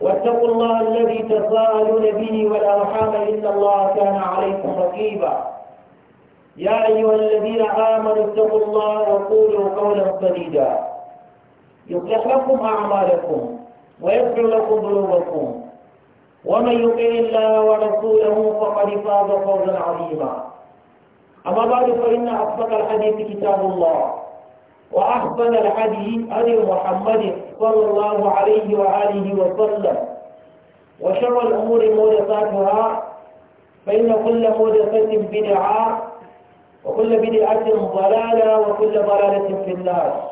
واتقوا الله الذي تساءلون به والأرحام إن الله كان عليكم رقيبا يا أيها الذين آمنوا اتقوا الله وقولوا قولا سديدا يصلح لكم أعمالكم ويغفر لكم ذنوبكم ومن يطع الله ورسوله فقد فاز فوزا عظيما أما بعد فإن أصدق الحديث كتاب الله وأحسن الحديث هدي محمد صلى الله عليه وآله وسلم وشر الأمور محدثاتها فإن كل محدثة بدعة وكل بدعة ضلالة وكل ضلالة في النار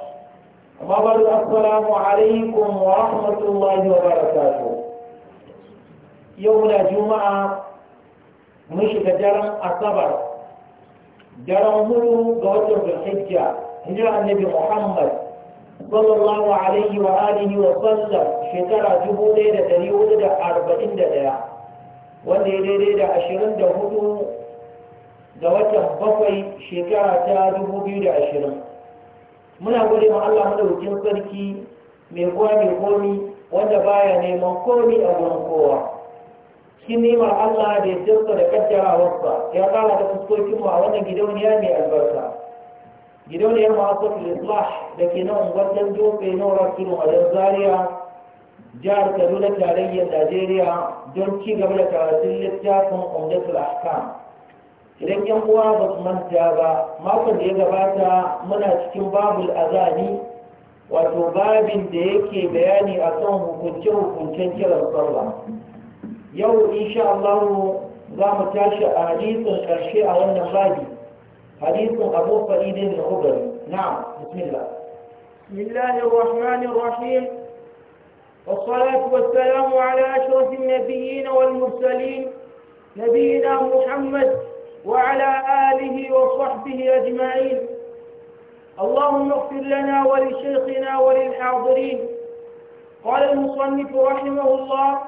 أما بعد السلام عليكم ورحمة الله وبركاته يوم الجمعة مش جرى الصبر جرم هو قوة الحجة هجرة النبي محمد sallallahu alaihi wa alihi wa sallam shekara dubu ɗaya da ɗari hudu da arba'in da ɗaya wanda ya daidai da ashirin da hudu ga watan bakwai shekara ta dubu biyu da ashirin muna gode ma Allah madaukin sarki mai kowa mai komi wanda baya neman komi a gurin kowa shi ma Allah da ya jirka da kaddara wasa ya kara da fuskokin mu a wannan gidauniya mai albarka gidauniyar masu islah da ke nan wajen dofe na a yan zaria jihar kaduna tarayyar najeriya don ci gaba da karatun littafin umdatul ahkam idan yan uwa ba su manta ba makon da ya gabata muna cikin babul azani wato babin da yake bayani a kan hukunce-hukuncen kiran sallah yau insha Allah za mu tashi a hadisin karshe a wannan babi حديث أبو فريد الخضري نعم بسم الله بسم الله الرحمن الرحيم والصلاة والسلام على أشرف النبيين والمرسلين نبينا محمد وعلى آله وصحبه أجمعين اللهم اغفر لنا ولشيخنا وللحاضرين قال المصنف رحمه الله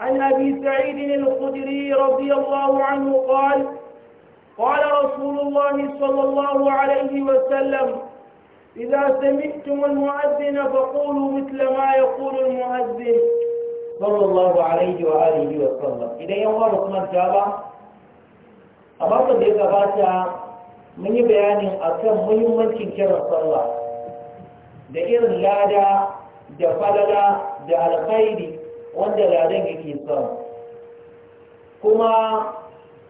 عن أبي سعيد الخدري رضي الله عنه قال قال رسول الله صلى الله عليه وسلم إذا سمعتم المؤذن فقولوا مثل ما يقول المؤذن صلى الله عليه وآله وسلم إذا يوم رسم الجابة أبقى ديك باتا من بيان أكم مهمة كيرا صلى da irin lada da falala da alkhairi wanda ladan yake samu kuma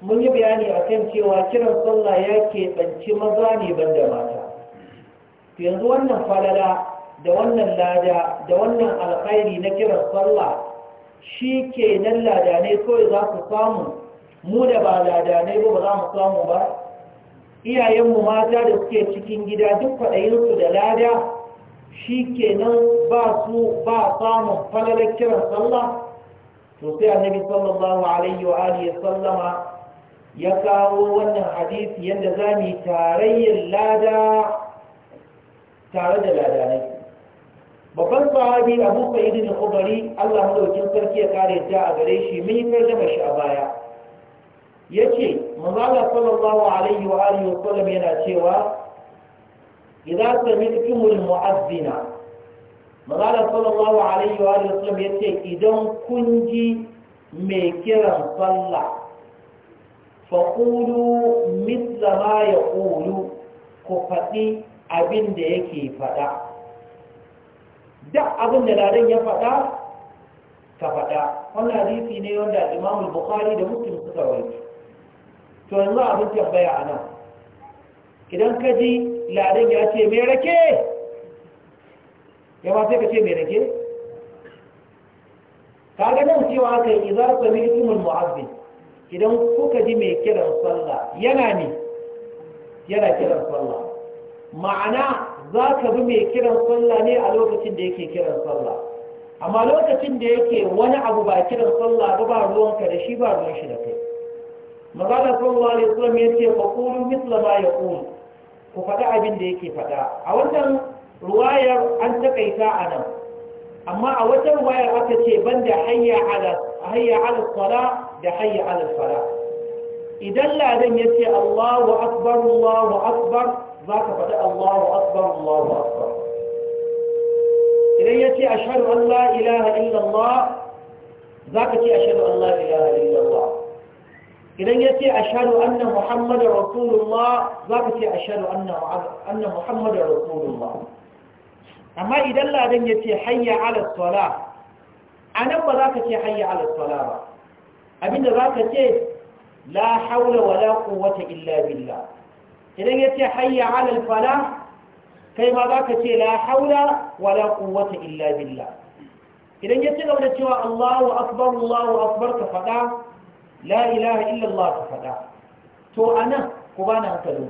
mun yi bayani a kan cewa kiran sallah ya ke ɗanci maza ne ban da mata yanzu wannan falala da wannan lada da wannan alkhairi na kiran sallah shi ke nan ladanai kawai za su samu mu da ba ladanai ba ba za mu samu ba iyayenmu mata da suke cikin gida duk faɗayinsu da lada shi ke nan ba su ba samun falalar kiran sallah to sai annabi sallallahu alaihi wa alihi sallama ya kawo wannan hadisi yadda za mu yi tarayyar lada tare da ladanai babban sahabi abu sa'idin al-khudari Allah madaukin sarki ya kare ta a gare shi mun yi tarjuma shi a baya Ya ce, Allah sallallahu alaihi wa alihi wa sallam yana cewa idza sami al-mu'adhdhina manzo Allah sallallahu alaihi wa alihi wa sallam yace idan kun ji mai kiran sallah faƙulu mitla ma ya ƙulu ku faɗi abin da yake faɗa duk abin da ladan ya faɗa ka faɗa wani hadisi ne wanda imamu bukhari da muslim suka rawaito to yanzu abin tambaya a nan idan ka ji ladan ya ce mai rake ya ba sai ka ce mai rake ka ga nan cewa aka yi sami sami'tumul mu'azzin idan kuka ji mai kiran sallah yana ne yana kiran sallah ma'ana za ka bi mai kiran sallah ne a lokacin da yake kiran sallah amma lokacin da yake wani abu ba kiran sallah ba ba ruwanka da shi ba ruwan shi da kai magana sallallahu alaihi wasallam ya ce fa qulu misla ma yaqul ku faɗa abin da yake faɗa a wannan ruwayar an takaita a nan amma a wata ruwayar aka ce banda hayya ala hayya ala salat da hayya alal fala idan ladan yace Allahu akbar Allahu akbar za ka faɗi Allahu akbar Allahu akbar idan yace ashhadu an la ilaha illa Allah zaka ce ashhadu an la ilaha illa Allah idan yace ashhadu anna muhammadar rasulullah zaka ce ashhadu anna anna muhammadar rasulullah amma idan ladan yace hayya ala salah anan ba zaka ce hayya ala salah ba abinda za ka ce la haula wa la quwwata illa billah idan ya ce hayya ala al kai ma za ka ce la haula wa la quwwata illa billah idan ya ci gaba da cewa Allahu akbar Allahu akbar ka faɗa la ilaha illa Allah ka faɗa to anan ku ba na hankali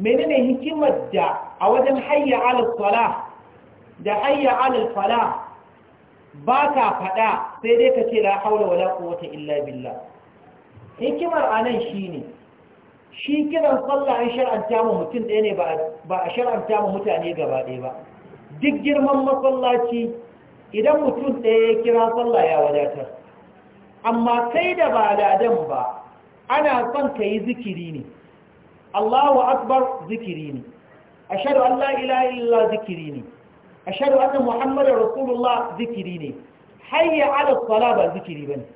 menene hikimar da a wajen hayya ala salah da hayya ala falah ba ka faɗa sai dai ka ce la haula wala quwwata illa billah hikimar anan shine shi kiran sallah an shar'anta mu mutum ɗaya ne ba a shar'anta mu mutane gaba ɗaya ba duk girman masallaci idan mutum ɗaya ya kira sallah ya wadatar amma kai da ba ladan ba ana son ka yi zikiri ne Allahu akbar zikiri ne ashhadu an la ilaha illa zikiri ne ashhadu anna muhammadar rasulullah zikiri ne hayya ala sala ba zikiri bane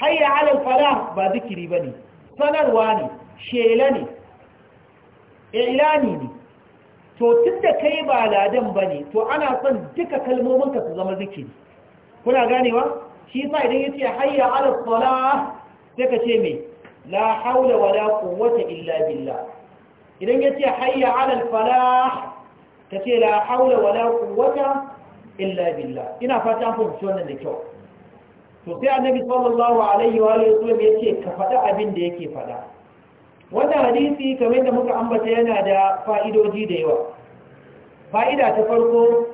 hayya ala fala ba zikiri bane sanarwa ne shela ne ilani ne to tun da yi ba ladan bane to ana son duka kalmomin ka su zama zikiri kuna ganewa shi sa idan yace hayya ala sala sai ka ce mai la haula wala quwwata illa billah idan yace hayya ala falah ka ce la haula wala quwwata illa billah ina fata an fahimci wannan da kyau to sai annabi sallallahu alaihi wa alihi wasallam yace ka faɗa abin da yake faɗa wannan hadisi kamar da muka ambata yana da fa'idoji da yawa fa'ida ta farko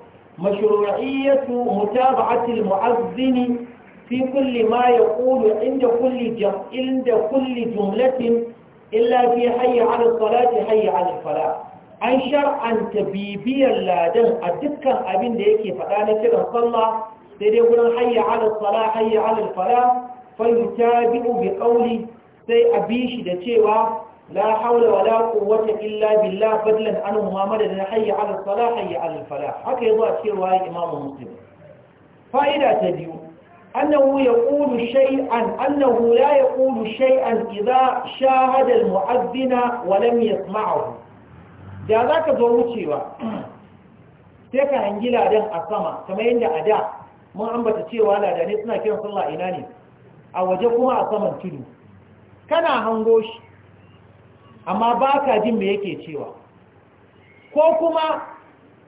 mashru'iyyatu mutaba'ati al-mu'azzin fi kulli ma yaqulu inda kulli jam'in da kulli jumlatin illa fi hayya 'ala salati hayya 'ala falah an shar'anta bibiyar ladan a dukkan abin da yake faɗa na kiran sallah sai dai wurin hayya ala sala hayya ala fala fa yutabi'u bi qawli sai a bi shi da cewa la haula wa la quwwata illa billah fadlan an muhammad da hayya ala sala hayya ala fala haka yazo a cewa imamu muslim fa'ida ta biyu أنه يقول شيئا أنه لا يقول شيئا إذا شاهد المؤذن ولم يسمعه da za ka zo wucewa sai ka hangi ladan a sama kamar yadda a da mun ambata cewa ladanai suna kiran sallah ina ne a waje kuma a saman tudu kana hango shi amma ba ka jin me yake cewa ko kuma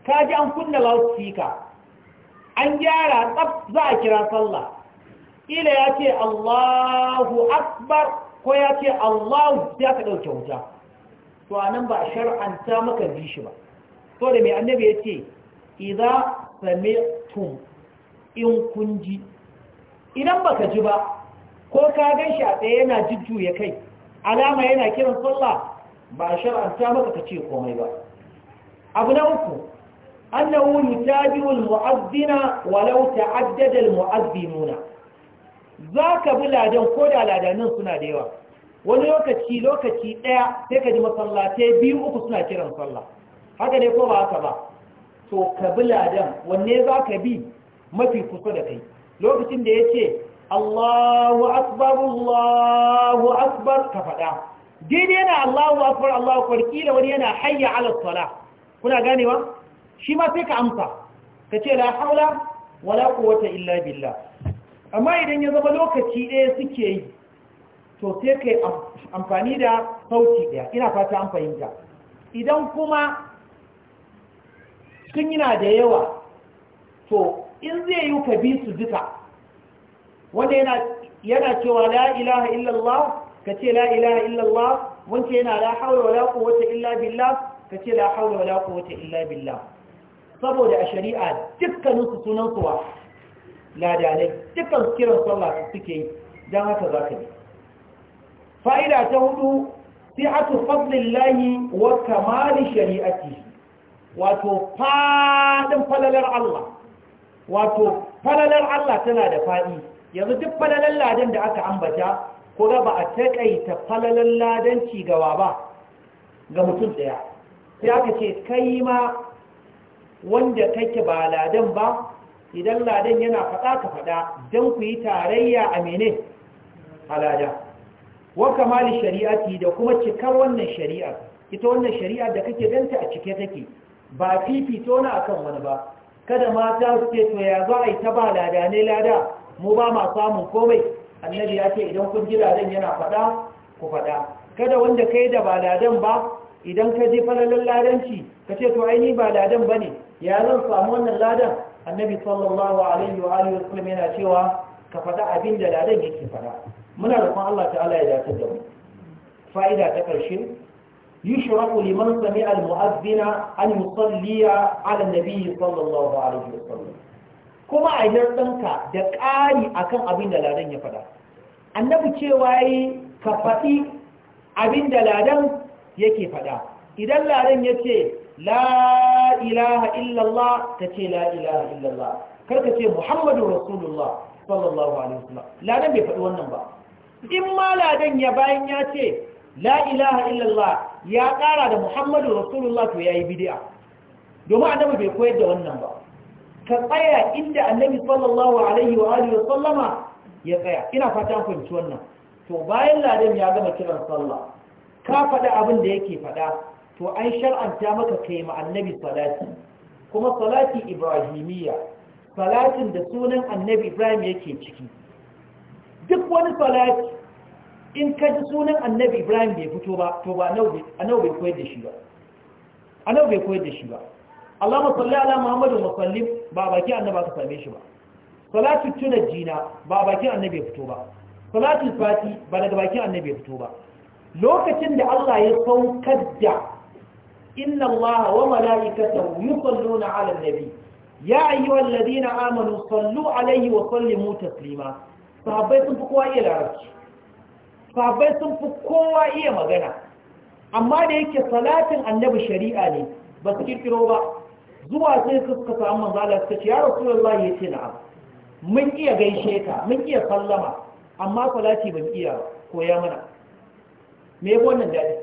ka ji an kunna loudspeaker an gyara tsab za a kira sallah ila ya ce allahu akbar ko ya ce allahu ya ka ɗauke wuta to nan ba shar'anta maka bi shi ba to da mai annabi ya idan same tun in kun ji idan baka ji ba ko ka gan shi a tsaye yana ya kai alama yana kiran sallah ba a shar'anta maka ka ce komai ba abu na uku annahu yutabi'u al-mu'adhdhina walau ta'addada al Za ka bi ladan ko da ladanin suna da yawa wani lokaci lokaci ɗaya sai ka ji masallatai biyu uku suna kiran sallah haka ne ko ba haka ba to ka bi ladan wanne za ka bi mafi kusa da kai lokacin da ya ce Allahu akbar Allahu akbar ka faɗa daidai yana Allahu akbar Allahu akbar kila wani yana hayya ala sala kuna ganewa shi ma sai ka amsa ka ce la haula wala quwwata illa billah amma idan ya zama lokaci ɗaya suke yi to sai kai amfani da sauti daya, ina fata an fahimta idan kuma sun yana da yawa to in zai yi ka bi su duka wanda yana cewa 'La'ilaha illallah ka ce 'La'ilaha illallah wance yana la haula wala wata illa billah ka ce la haula wala quwwata illa billah saboda a shari'a dukkanin su sunan suwa ladanai dukkan kiran sallah suke yi don haka za ka bi fa'ida ta hudu sihatu fadlillahi wa kamali shari'ati wato fadin falalar Allah wato falalar Allah tana da faɗi. yanzu duk falalar ladan da aka ambata ko ba a taƙaita falalar ladanci cigaba ba ga mutum ɗaya. sai aka ce kai ma wanda kake ba ladan ba idan ladan yana faɗa ka faɗa don ku yi tarayya a mene a ladan wa kamali shari'ati da kuma cikar wannan shari'a ita wannan shari'a da kake ganta a cike take ba fifito na akan wani ba kada mata su ce to ya za a yi ta ba lada ne lada mu ba ma samun komai annabi ya ce idan kun ji ladan yana faɗa ku faɗa kada wanda kai da ba ladan ba idan ka je falalan ladanci ka ce to ai ni ba ladan ba ne ya zan samu wannan ladan annabi sallallahu alaihi wa alihi yana cewa ka faɗa abin da ladan yake faɗa muna da roƙon Allah ta'ala ya dace da mu fa'ida ta ƙarshe يشرع لمن سمع المؤذن أن يصلي على النبي صلى الله عليه وسلم كما أجرتنك دقاري أكن أبين دلالين يفدا annabi cewa yi ka faɗi abin da ladan yake faɗa idan ladan ya ce la ilaha illallah ka ce la ilaha illallah karka ce muhammadu rasulullah sallallahu alaihi wa sallam. ladan bai faɗi wannan ba in ma ladan ya bayan ya ce la ilaha illallah ya ƙara da muhammadu rasulullah to ya yi bidiya domin annabi bai koyar da wannan ba ka tsaya inda annabi sallallahu alaihi wa alihi sallama ya tsaya ina fatan fahimci wannan to bayan ladan ya gama kiran sallah ka faɗa abin da yake faɗa to an shar'anta maka kai ma annabi salati kuma salati ibrahimiyya salatin da sunan annabi ibrahim yake ciki duk wani salati in ka ji sunan annabi ibrahim bai fito ba to ba annabi bai koyar da shi ba annabi bai koyar da shi ba Allahumma salli ala Muhammadin wa sallim ba baki annaba ka same shi ba salatu jina ba bakin annabi ya fito ba salatu fati ba daga bakin annabi ya fito ba lokacin da Allah ya saukar da inna Allah wa mala'ikatahu yusalluna 'alan nabi ya Ladina amanu sallu alayhi wa sallimu taslima sahabbai sun fi kowa iya larabci sahabbai sun fi kowa iya magana amma da yake salatin annabi shari'a ne ba su kirkiro ba zuwa sai suka samu manzo Allah suka ce ya rasulullahi ce na'am mun iya gaishe ka mun iya sallama amma salati ban iya koya mana me yabo wannan dadi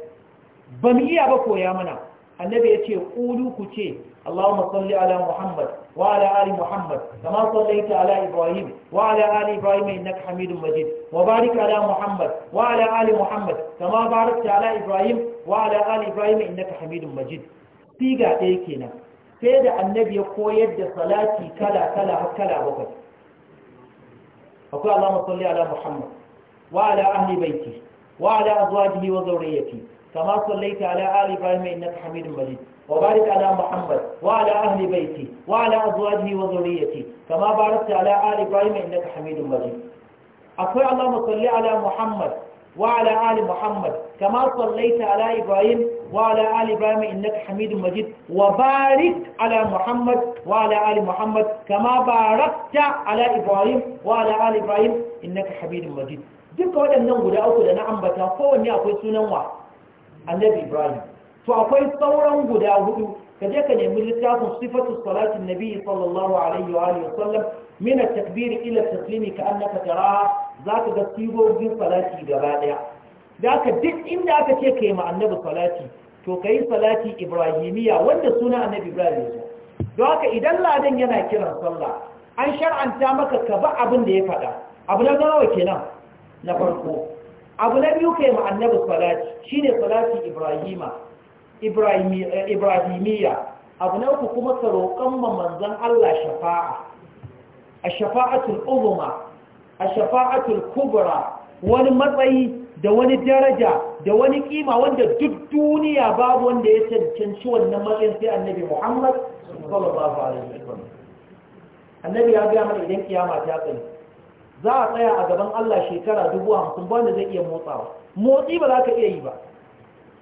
ban iya ba koya mana annabi yace qulu ku ce Allahumma salli ala Muhammad وعلى آل محمد كما صليت على إبراهيم وعلى آل إبراهيم إنك حميد مجيد وبارك على محمد وعلى آل محمد كما باركت على إبراهيم وعلى آل إبراهيم إنك حميد مجيد سيغا تيكينا سيدا النبي يقويد صلاتي كلا كلا كلا بكت أقول اللهم صل على محمد وعلى أهل بيته وعلى أزواجه وذريته كما صليت على آل إبراهيم إنك حميد مجيد وبارك على محمد وعلى أهل بيته وعلى أزواجه وذريته كما باركت على آل إبراهيم إنك حميد مجيد أقول اللهم صل على محمد وعلى آل محمد كما صليت على إبراهيم وعلى آل إبراهيم إنك حميد مجيد وبارك على محمد وعلى آل محمد كما باركت على إبراهيم وعلى آل إبراهيم إنك حميد مجيد duka waɗannan guda uku da na ambata kowanne akwai sunan wa annabi ibrahim to akwai sauran guda hudu ka je ka nemi littafin sifatu salatin nabi sallallahu alaihi wa alihi wasallam min at-takbir ila at-taslimi ka annaka taraha zaka ga sigogin salati gaba daya zaka duk inda aka ce kai ma annabi salati to kai salati ibrahimiya wanda suna annabi ibrahim ne don haka idan ladan yana kiran sallah an shar'anta maka ka ba abin da ya faɗa abu na gawa kenan na farko abu na biyu kai ma annabi salati shine salati ibrahima Eh, ibrahimiyya abu na uku kuma ka roƙon ma manzon Allah shafa'a a shafa'atul uzma a shafa'atul kubra wani matsayi da wani daraja da wani kima wanda duk duniya babu wanda ya cancanci wannan matsayin sai annabi Muhammad sallallahu alaihi wasallam annabi ya gaya mana idan kiyama ta tsaya za a tsaya a gaban Allah shekara 50 ba wanda zai iya motsawa motsi ba za ka iya yi ba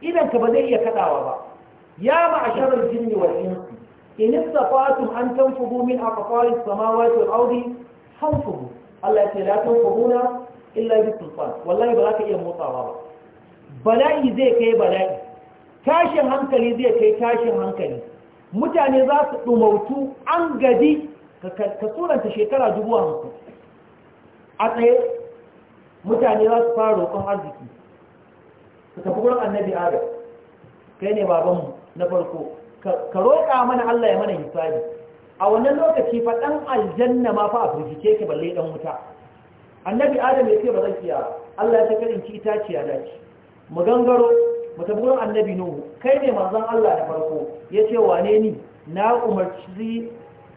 idan ka ba zai iya kadawa ba ya ma'asharar jinni wal insi in istafatu an tanfuhu min aqfaris samawati wal ardi fanfudu Allah ya ce la tanfuhuna illa bi sultan wallahi ba za ka iya motsawa ba bala'i zai kai bala'i tashin hankali zai kai tashin hankali mutane za su dumautu an gadi ka suranta shekara dubu hamsin a tsaye mutane za su fara roƙon arziki ka tafi annabi adam kai ne babanmu na farko ka roƙa mana Allah ya mana hisabi a wannan lokaci fa dan aljanna ma fa a firgice ki balle dan wuta annabi adam ya ce ba zan iya Allah ya ta karin ki dace mu gangaro mu gurin annabi nuhu kai ne manzon Allah na farko ya ce wane ni na umarci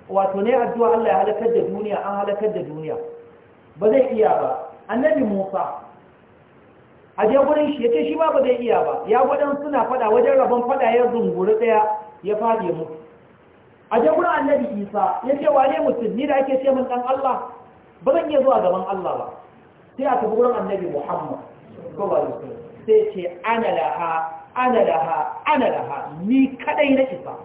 wato ne addu'a Allah ya halakar da duniya an halakar da duniya ba zai iya ba annabi Musa a je shi ya ce shi ba ba zai iya ba ya gwadan suna fada wajen rabon fada ya zunguri daya ya fadi mu a je annabi isa ya ce wane mutum ni da ake ce min dan allah ba zan iya zuwa gaban allah ba sai a tafi gurin annabi muhammad sai ce ana laha ana laha ana laha ni kadai na isa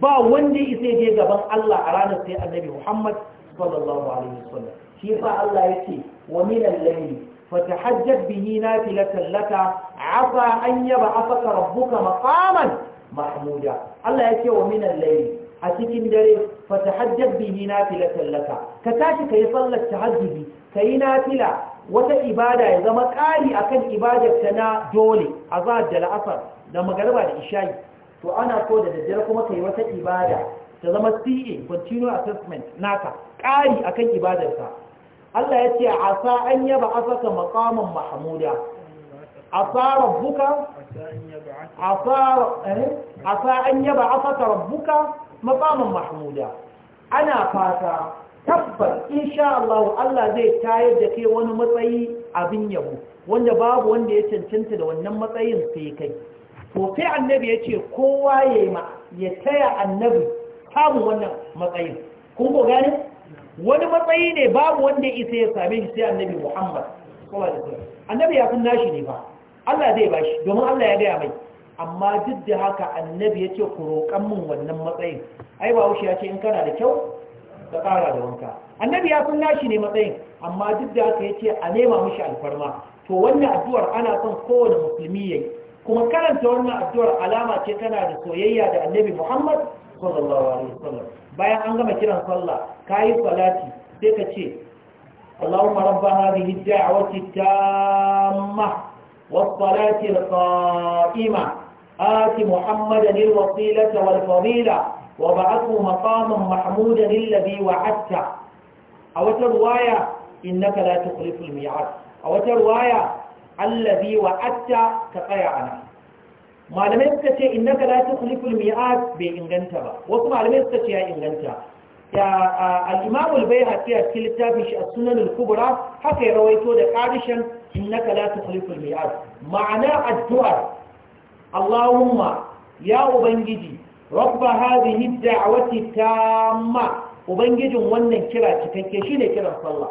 ba wanda ya isa je gaban allah a ranar sai annabi muhammad sallallahu alaihi wasallam shi yasa allah ya ce wa min al-layli فتحجت به نافلة لك عسى أن يبعثك ربك مقاما محمودا الله يكي ومن الليل أتكين دري فتحجت به نافلة لك كتاشي كي صلى التحجد كي نافلة wata ibada ya zama ƙari akan ibadarta na dole a zahar da la'asar da magarba da ishayi to ana so da daddare kuma ka yi wata ibada ta zama ce continuous assessment naka ƙari akan ibadarsa Allah ya ce sa an yaba asaka maqaman mahmuda asa rabbuka eh, an yaba asaka rabbuka maqaman mahmuda ana fata tabbas insha Allah Allah zai tayar da kai wani matsayi abin yabo wanda babu wanda ya cancanta da wannan matsayin sai kai to sai annabi ya ce kowa ya taya annabi samun wannan matsayin kun ko gane wani matsayi ne babu wanda isa ya same shi sai annabi muhammad annabi ya kun shi ne ba allah zai ba shi domin allah ya gaya mai amma duk da haka annabi ya ce ku roƙan min wannan matsayin ai ba wuce ya ce in kana da kyau ka ƙara da wanka annabi ya kun shi ne matsayin amma duk da haka ya ce a nema mishi alfarma to wannan addu'ar ana son kowane musulmi ya yi kuma karanta wannan addu'ar alama ce tana da soyayya da annabi muhammad sallallahu alaihi wasallam bayan an gama kiran sallah kayi salati sai ka ce Allahumma rabbana bihi da'awati tamma wa salati qa'ima ati muhammadan al wasilata wal fadila wa ba'athu maqaman mahmudan alladhi wa'adta a wata ruwaya innaka la tukhliful mi'ad a wata ruwaya ka tsaya ana malamai suka ce innaka la tukhliful mi'ad bai inganta ba wasu malamai suka ce ya inganta al’imam ulbai a cikin littafin shi a sunanin kubura haka ya rawaito da ƙarishin innaka la tukhliful mi'ad ma'ana addu'ar Allahumma ya ubangiji rabba hadhihi da'wati tamma ubangijin wannan kira cikakke shine kiran sallah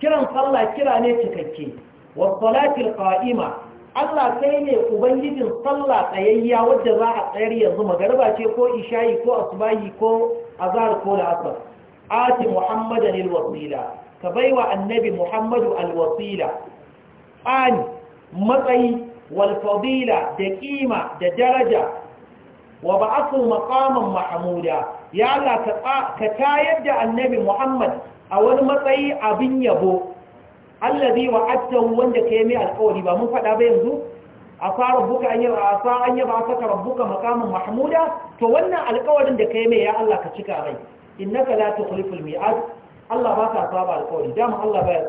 kiran sallah kira ne cikakke wa salatil qa'ima Allah sai ne ubangijin sallah tsayayya wadda za a tsayar yanzu magarba ce ko ishayi ko asubahi ko azhar ko la'asar ati muhammadan wasila, ka baiwa annabi muhammadu alwasila an matsayi wal fadila da kima da daraja wa ba'athu maqaman mahmuda ya Allah ka tayar da annabi muhammad a wani matsayi abin yabo allazi wa'adtahu wanda kai mai alƙawari ba mun faɗa ba yanzu asa rabbuka an yaba asa an yaba saka rabbuka maqaman mahmuda to wannan alƙawarin da kai mai ya Allah ka cika rai innaka la tukhliful mi'ad Allah ba ka saba alƙawari dama Allah ba ya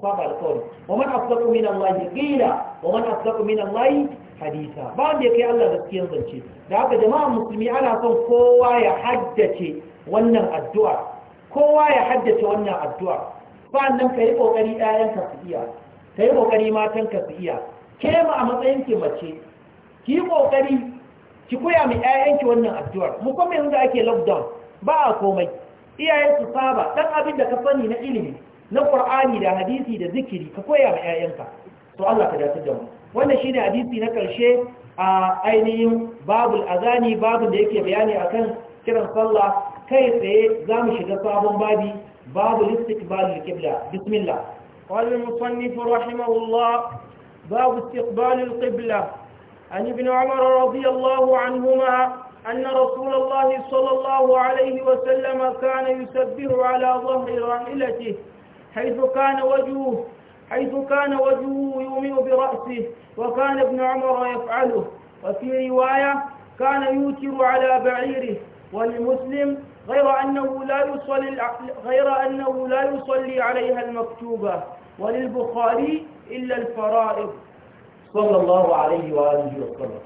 saba alƙawari wa man asdaqu min Allah qila wa man asdaqu min Allah hadisa ba wanda kai Allah gaskiyar zance da haka jama'a musulmi ana son kowa ya haddace wannan addu'a kowa ya haddace wannan addu'a sannan ka yi ƙoƙari ɗayanka su iya ka yi ƙoƙari matanka su iya ke ma a matsayin ke mace ki yi ƙoƙari ki koya mai ƴaƴanki wannan addu'ar mu kuma yanzu da ake lockdown ba a komai iyayen su saba dan abin da ka sani na ilimi na qur'ani da hadisi da zikiri ka koya mai ƴaƴanka to Allah ka dace da mu wannan shine hadisi na karshe a ainihin babul azani babun da yake bayani akan kiran sallah kai tsaye zamu shiga sabon babi باب الاستقبال للقبلة بسم الله قال المصنف رحمه الله باب استقبال القبلة عن ابن عمر رضي الله عنهما أن رسول الله صلى الله عليه وسلم كان يسبح على ظهر راحلته حيث كان وجهه حيث كان وجهه يومئ برأسه وكان ابن عمر يفعله وفي رواية كان يوتر على بعيره ولمسلم غير أنه لا يصلي غير أنه لا يصلي عليها المكتوبة وللبخاري إلا الفرائض صلى الله عليه وآله وسلم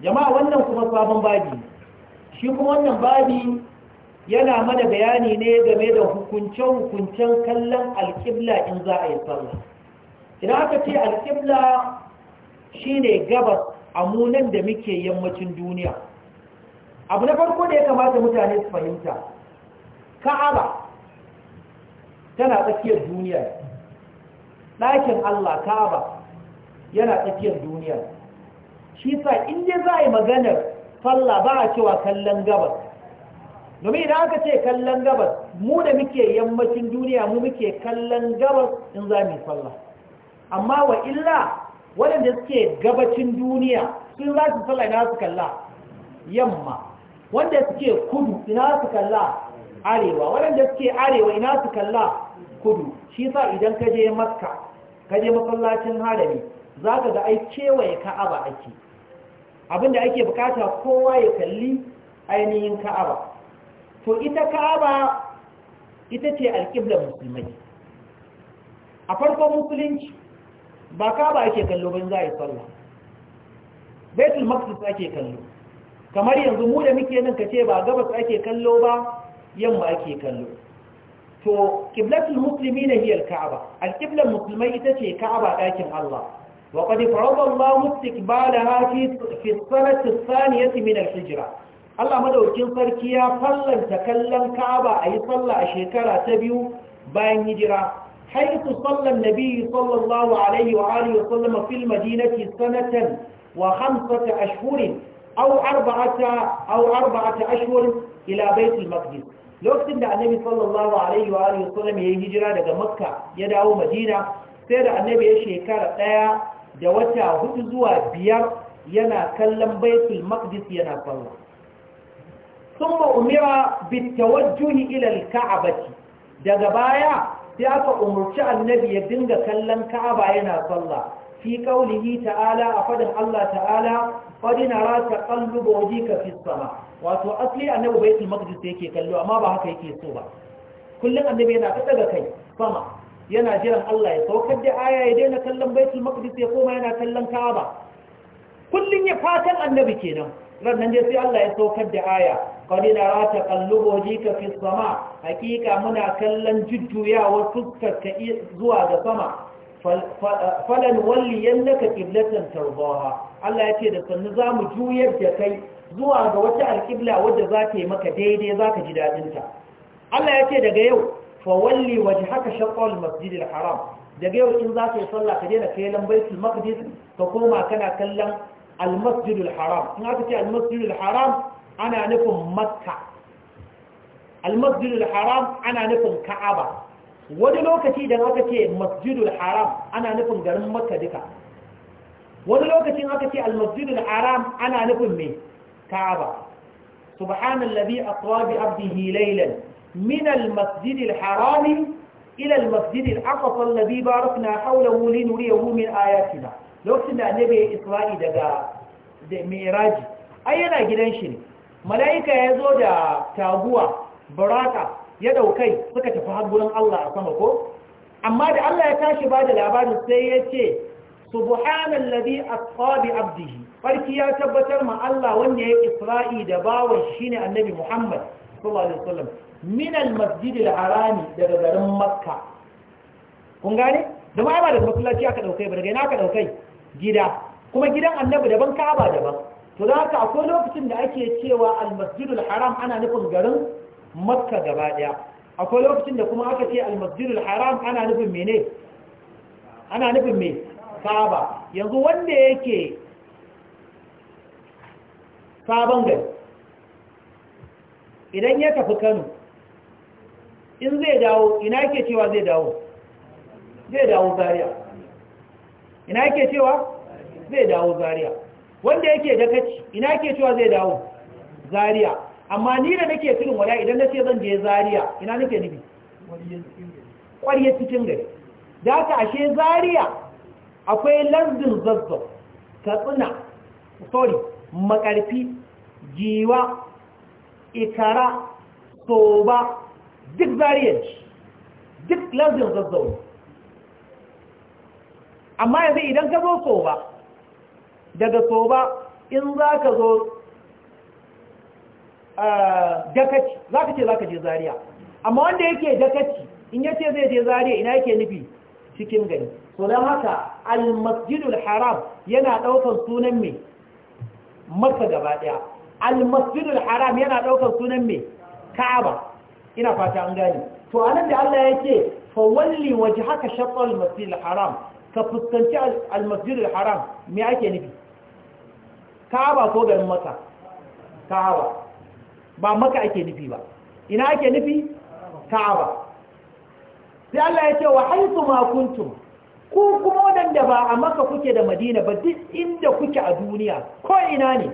جماعة wannan kuma sabon babi shi kuma wannan babi yana mana bayani ne game da hukunce-hukuncen kallon alƙibla in za a yi tsalla. idan aka ce alƙibla shine gabas a munan da muke yammacin duniya abu na farko da ya kamata mutane su fahimta ka'aba tana tsakiyar duniya ɗakin Allah ka'aba yana tsakiyar duniya shi sa inda za a yi maganar falla ba a cewa kallon gabas domin idan aka ce kallon gabas mu da muke yammacin duniya mu muke kallon gabas in za mu yi sallah amma wa illa waɗanda suke gabacin duniya sun za su falla na su kalla yamma wanda suke kudu ina su kalla arewa wanda suke arewa ina su kalla kudu shi sa idan ka je makka ka je masallacin harami za ka ga ai kewaye ka'aba ake abinda ake bukata kowa ya kalli ainihin ka'aba to ita ka'aba ita ce alƙiblar musulmai a farkon musulunci ba ka'aba ake kallo ban za a yi sallah baitul maqdis ake kallo kamar yanzu mu da muke nan kace ce ba gabas ake kallo ba yamma ake kallo to qiblatul muslimina hiya al Ka'aba. al-qiblan musulmai ita ce ka'aba dakin Allah wa qad farada Allah istiqbalaha fi fi as thaniyati min al-hijra Allah madaukin sarki ya fallanta kallon ka'aba ayi sallah a shekara ta biyu bayan hijira حيث صلى النبي صلى الله عليه وآله وسلم في Sanatan, سنة وخمسة أشهر au arba'ata au arba'ata ila baitul lokacin da annabi sallallahu alaihi wa alihi wasallam ya hijira daga makka ya dawo madina sai da annabi ya shekara ɗaya da wata hudu zuwa biyar yana kallon baitul maqdis yana sallah thumma umira bitawajjuhi ila alka'bati daga baya sai aka umarci annabi ya dinga kallon ka'aba yana sallah fi qaulihi ta'ala a fadin Allah ta'ala qad nara taqallubu wajhika fi sama wato asli annabi baitul maqdis yake kallo amma ba haka yake so ba kullum annabi yana ta daga kai sama yana jiran Allah ya saukar da aya ya daina kallon bai baitul maqdis ya koma yana kallon kaba. kullum ya fatan annabi kenan rannan dai sai Allah ya saukar da aya qad nara taqallubu wajhika fi sama hakika muna kallon jujjuyawa fuskar ka zuwa ga sama falan walliyannaka qiblatan tardaha Allah yace da sannu zamu juyar da kai zuwa ga wata alqibla wadda za yi maka daidai za ka ji dadin ta Allah yace daga yau fa walli wajhaka shaqal masjid al-haram daga yau in za yi sallah ka daina kai baitul maqdis ka koma kana kallon al-masjid haram in aka ce haram ana nufin makka al haram ana nufin ka'aba wani lokaci da aka ce masjidul haram ana nufin garin makka duka wani lokacin aka ce Almasjidul haram ana nufin me ka'aba subhanallazi asra bi abdihi laylan min al-masjidil haram ila al-masjidil aqsa alladhi barakna hawlahu linuriyahu min ayatina lokacin da annabi Isra'i daga da Miraji ai yana gidan shi ne malaika ya zo da taguwa baraka ya daukai suka tafi har Allah a sama ko amma da Allah ya tashi ba da labarin sai ya ce subhanan ladi asfabi abdihi farki ya tabbatar ma Allah wanda ya isra'i da bawan ne annabi Muhammad sallallahu alaihi min al al-harami daga garin Makka kun gane da ma ba da masallaci aka daukai ba daga ina aka daukai gida kuma gidan annabi daban Ka'aba daban to don haka akwai lokacin da ake cewa al-masjid al-haram ana nufin garin makka gaba daya akwai lokacin da kuma aka ce almasjidul haram ana nufin mene ana nufin me kaba yanzu wanda yake sabon gari idan ya tafi kano in zai dawo ina yake cewa zai dawo zai dawo Zariya. ina yake cewa zai dawo Zariya. wanda yake dakaci ina yake cewa zai dawo Zariya. amma ni da nake tudun waya idan na zan je Zariya, ina nake nufi ƙwariyar cikin gari da ka ashe Zariya akwai lardin zazzau katsina sorry makarfi jiwa ikara soba duk Zariya duk lardin zazzau amma yanzu idan ka zo soba daga soba in za ka zo dakaci za ka ce za ka je zariya amma wanda yake dakaci in ya ce zai je zariya ina yake nufi cikin gari so don haka almasjidul haram yana ɗaukar sunan mai maka gaba ɗaya almasjidul haram yana ɗaukar sunan mai ka'aba ina fata an gani to anan da Allah ya ce fa walli wajhaka shatr almasjidul haram ka fuskanci almasjidul haram me ake nufi ka'aba ko garin maka ka'aba ba maka ake nufi ba ina ake nufi ka'aba sai Allah ya ce wa haythu ma kuntum ku kuma wadanda ba a maka kuke da madina ba duk inda kuke a duniya ko ina ne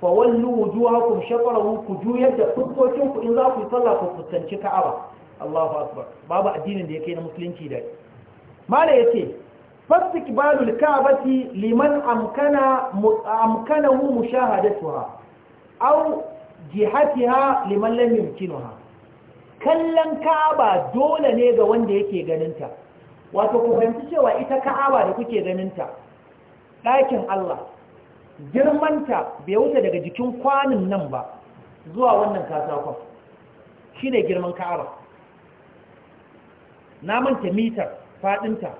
fa wallu wujuhakum shaqrahu ku juyar da fuskokin ku in za ku yi ku fuskanci ka'aba Allahu akbar babu addinin da yake na musulunci da mala yace fastikbalul ka'bati liman amkana mu mushahadatuha aw jihatiha liman lam yumkinuha kallon ka'aba dole ne ga wanda yake ganinta wato ku fahimci cewa ita ka'aba da kuke ganinta ɗakin Allah girmanta bai wuce daga jikin kwanin nan ba zuwa wannan katakon shi girman ka'aba na manta mitar faɗinta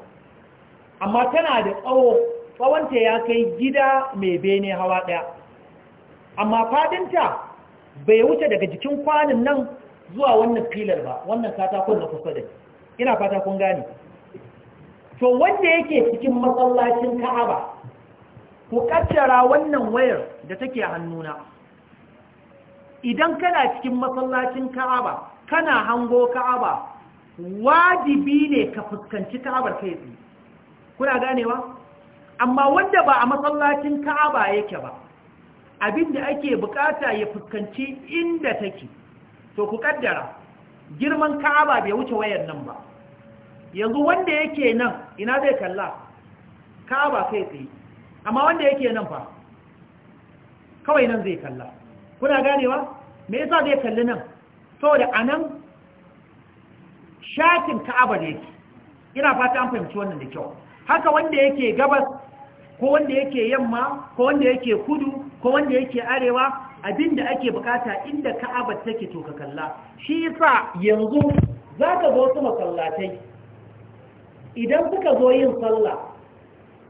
amma tana da tsawo tsawonta ya kai gida mai bene hawa ɗaya amma faɗinta bai wuce daga jikin kwanin nan zuwa wannan filar ba wannan katakon na kusa da ina fata kun gane to wanda yake cikin masallacin ka'aba ku kaccara wannan wayar da take hannuna idan kana cikin masallacin ka'aba kana hango ka'aba wajibi ne ka fuskanci ka'abar kai tsaye kuna ganewa amma wanda ba a masallacin ka'aba yake ba Abin da ake bukata ya fuskanci inda take to ku kaddara girman ka'aba bai wuce wayar nan ba yanzu wanda yake nan ina zai kalla ka'aba kai tsaye amma wanda yake nan fa kawai nan zai kalla kuna ganewa me yasa zai kalli nan saboda anan shatin ka'aba da yake ina fata an fahimci wannan da kyau haka wanda yake gabas ko wanda yake yamma ko wanda yake kudu ko wanda yake arewa abinda ake bukata inda ka'aba take to ka kalla shi yasa yanzu zaka zo su masallatai idan suka zo yin sallah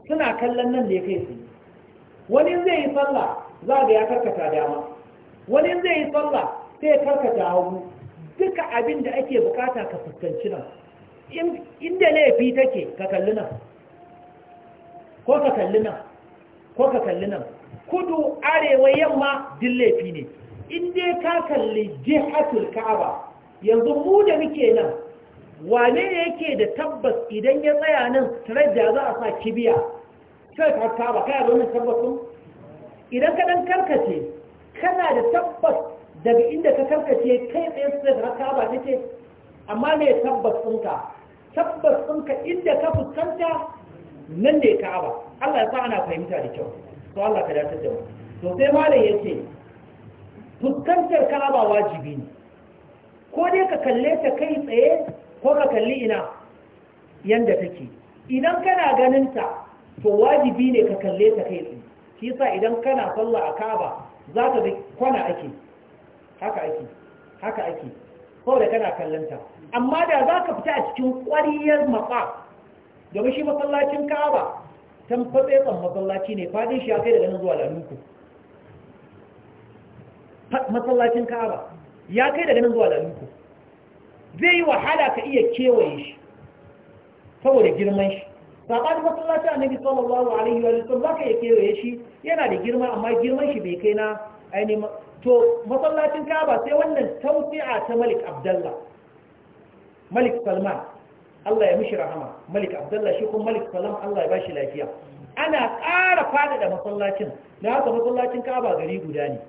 suna kallon nan ne kai su wani zai yi sallah za ga ya karkata dama wani zai yi sallah sai ya karkata hagu duka abinda da ake bukata ka fuskanci nan inda laifi take ka kalli nan ko ka kalli nan ko ka kalli nan kudu arewa yamma laifi ne in dai ka kalli jihatul ka'aba yanzu mu da muke nan wane ne yake da tabbas idan ya tsaya nan da za a sa kibiya sai ka ka'aba kai da wannan tabbasin idan ka dan karkace kana da tabbas daga inda ka karkace kai tsaye sai ka ka'aba take amma me tabbas ɗinka tabbas ɗinka inda ka fuskanta nan da ne ka'aba Allah ya sa ana fahimta da kyau to Allah ka dace da mu to sai malam yace fuskantar ka'aba wajibi ne ko dai ka kalle ta kai tsaye ko ka kalli ina yanda take idan kana ganin ta to wajibi ne ka kalle ta kai tsaye shi yasa idan kana sallah a Ka'aba za ka bi kwana ake haka ake haka ake saboda kana kallon ta amma da za ka fita a cikin ƙwariyar matsa domin shi masallacin ka'aba tan fatsetsan masallaci ne fadin shi ya kai daga nan zuwa laluku masallacin ka'aba ya kai daga nan zuwa laluku zai yi wahala ka iya kewaye shi saboda girman shi saɓanin masallaci annabi sallallahu alaihi wa sallam za ka iya kewaye shi yana da girma amma girman shi bai kai na ainihin to masallacin ka'aba sai wannan tausi'a ta malik abdallah malik salman Allah ya mishi rahama malik Abdullahi shi kuma malik salam Allah ya bashi lafiya ana ƙara fada da masallacin da haka masallacin Ka'aba gari guda ne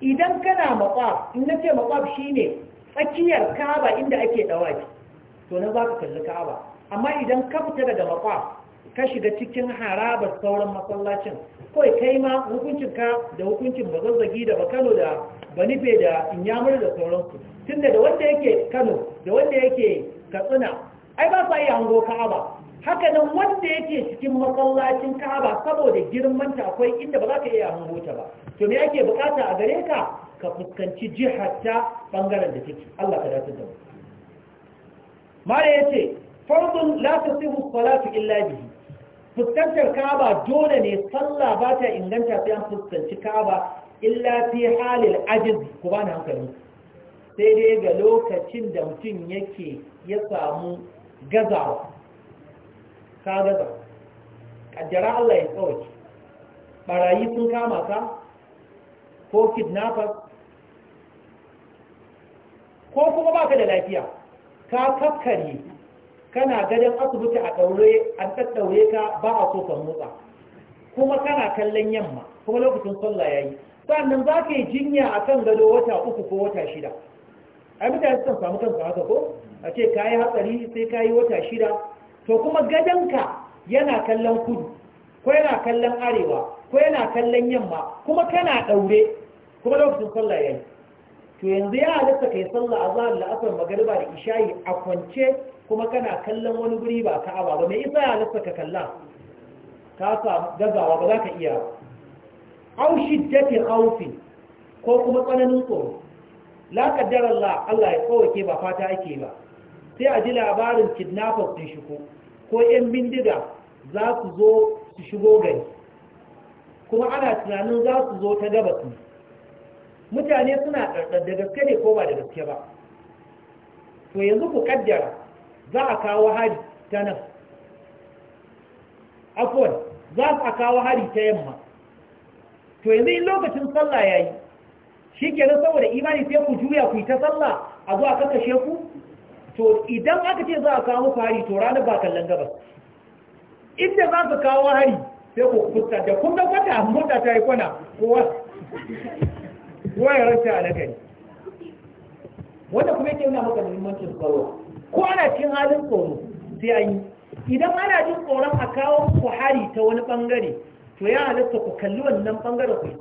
idan kana maƙwab in na ce maƙwab shine tsakiyar Ka'aba inda ake dawaki to na za ka kalli kaba amma idan ka fita daga maƙwab ka shiga cikin harabar sauran masallacin kawai kai ma hukuncin ka da hukuncin bazazzagi da bakano da banife da inyamur da sauransu tunda da wanda yake kano da wanda yake katsina ai ba sa iya hango ka'aba haka nan wanda yake cikin masallacin ka'aba saboda girman ta akwai inda ba za ka iya hango ta ba to me yake bukata a gare ka ka fuskanci jihar ta bangaren da take Allah ka dace da mu yace fardun la tasihu salatu illa bihi fuskantar ka'aba dole ne sallah ba ta inganta sai an fuskanci ka'aba illa fi halil ajiz ku ba hankali sai dai ga lokacin da mutum yake ya samu gazawa ka gaza kaddara Allah ya tsawaki Ɓarayi sun kama ka ko kidnapper ko kuma baka da lafiya ka kakkare kana gadon asibiti a ɗaure an ɗaɗɗaure ka ba a so motsa kuma kana kallon yamma kuma lokacin sallah yi sannan za ka yi jinya a kan gado wata uku ko wata shida ai mutane sukan samu kansu haka ko a ce ka yi hatsari sai ka yi wata shida to kuma gadonka yana kallon kudu ko yana kallon arewa ko yana kallon yamma kuma kana daure? kuma lokacin sallah yayi to yanzu ya halatta kai sallah a zahar la'asar magariba da ishayi a kwance kuma kana kallon wani guri ba aba ba mai isa ya halatta ka kalla ka samu gazawa ba za ka iya au shiddati khawfi ko kuma tsananin tsoro la kaddara Allah Allah ya tsawoke ba fata ake ba sai a ji labarin kidnappers din shigo ko yan bindiga za su zo su shigo gari kuma ana tunanin za su zo ta gabas ne mutane suna ɗarɗar da gaske ne ko ba da gaske ba to yanzu ku kaddara za a kawo hari ta nan afon za a kawo hari ta yamma to yanzu lokacin sallah ya yi shi kenan saboda imani sai ku juya ku yi ta sallah a zuwa kakashe ku to idan aka ce za a kawo muku hari to ranar ba kallon gabas inda za ka kawo hari sai ku fuska da kun ga kwata mota ta yi kwana kowa kowa ya rasa a nagari wanda kuma yake yana maka muhimmancin tsaro ko ana cikin halin tsoro sai an yi idan ana jin tsoron a kawo muku hari ta wani bangare to ya halatta ku kalli wannan bangaren ku yi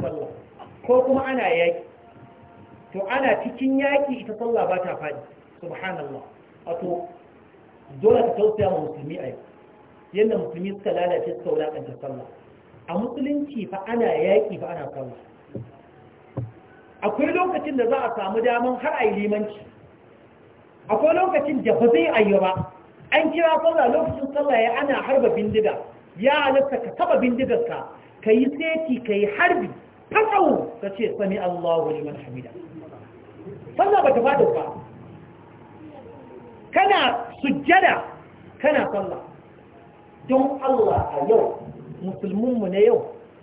ko kuma ana yaki to ana cikin yaƙi ita sallah ba ta faɗi subhanallah wato dole ka tausaya ma musulmi a yau yadda musulmi suka lalace suka wulaƙanta sallah a musulunci fa ana yaƙi fa ana sallah akwai lokacin da za a samu daman har a yi limanci akwai lokacin da ba zai ayyu ba an kira sallah lokacin sallah ya ana harba bindiga ya halatta ka taɓa bindigarka ka yi seti ka yi harbi fasau ka ce sami Allahu liman hamida sallah ba ta fada ba kana sujjada kana sallah don Allah a yau mu na yau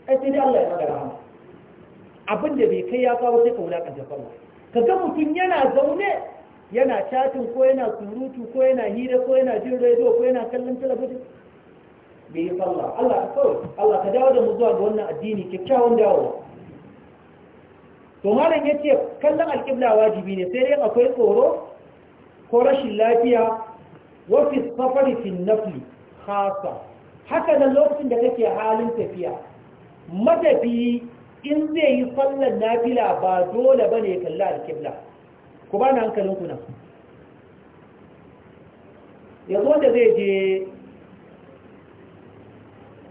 ai sai dai Allah ya magana mu abin da bai kai ya kawo sai ka wulakanta sallah ka ga mutum yana zaune yana chatin ko yana surutu ko yana hira ko yana jin rediyo ko yana kallon talabijin bai yi sallah Allah ka kawai Allah ka dawo da mu zuwa ga wannan addini kyakkyawan dawowa to malam ya ce kallon alƙibla wajibi ne sai dai akwai tsoro ko rashin lafiya wafi safari fi nafli hasa haka nan lokacin da kake halin tafiya matafiyi in zai yi fallon nafila ba dole ba ne kalla alƙibla ku ba na hankalin kuna yanzu wanda zai je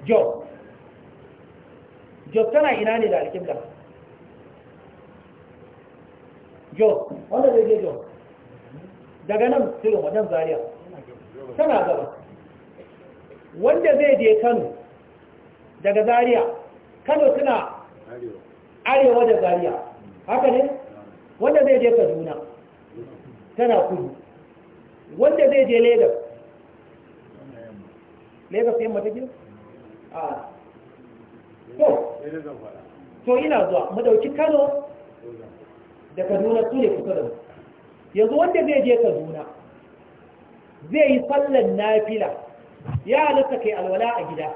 job job tana ina ne da alƙibla jos wanda zai je jos daga nan silin wajen zaria tana gaba wanda zai je kano daga Zariya, kano suna arewa da Zariya. haka ne wanda zai je kaduna tana kudu wanda zai je lagos lagos yamma matakin? a to to ina zuwa mu dauki kano da kaduna su ne kusa da mu yanzu wanda zai je kaduna zai yi sallan nafila ya halatta kai alwala a gida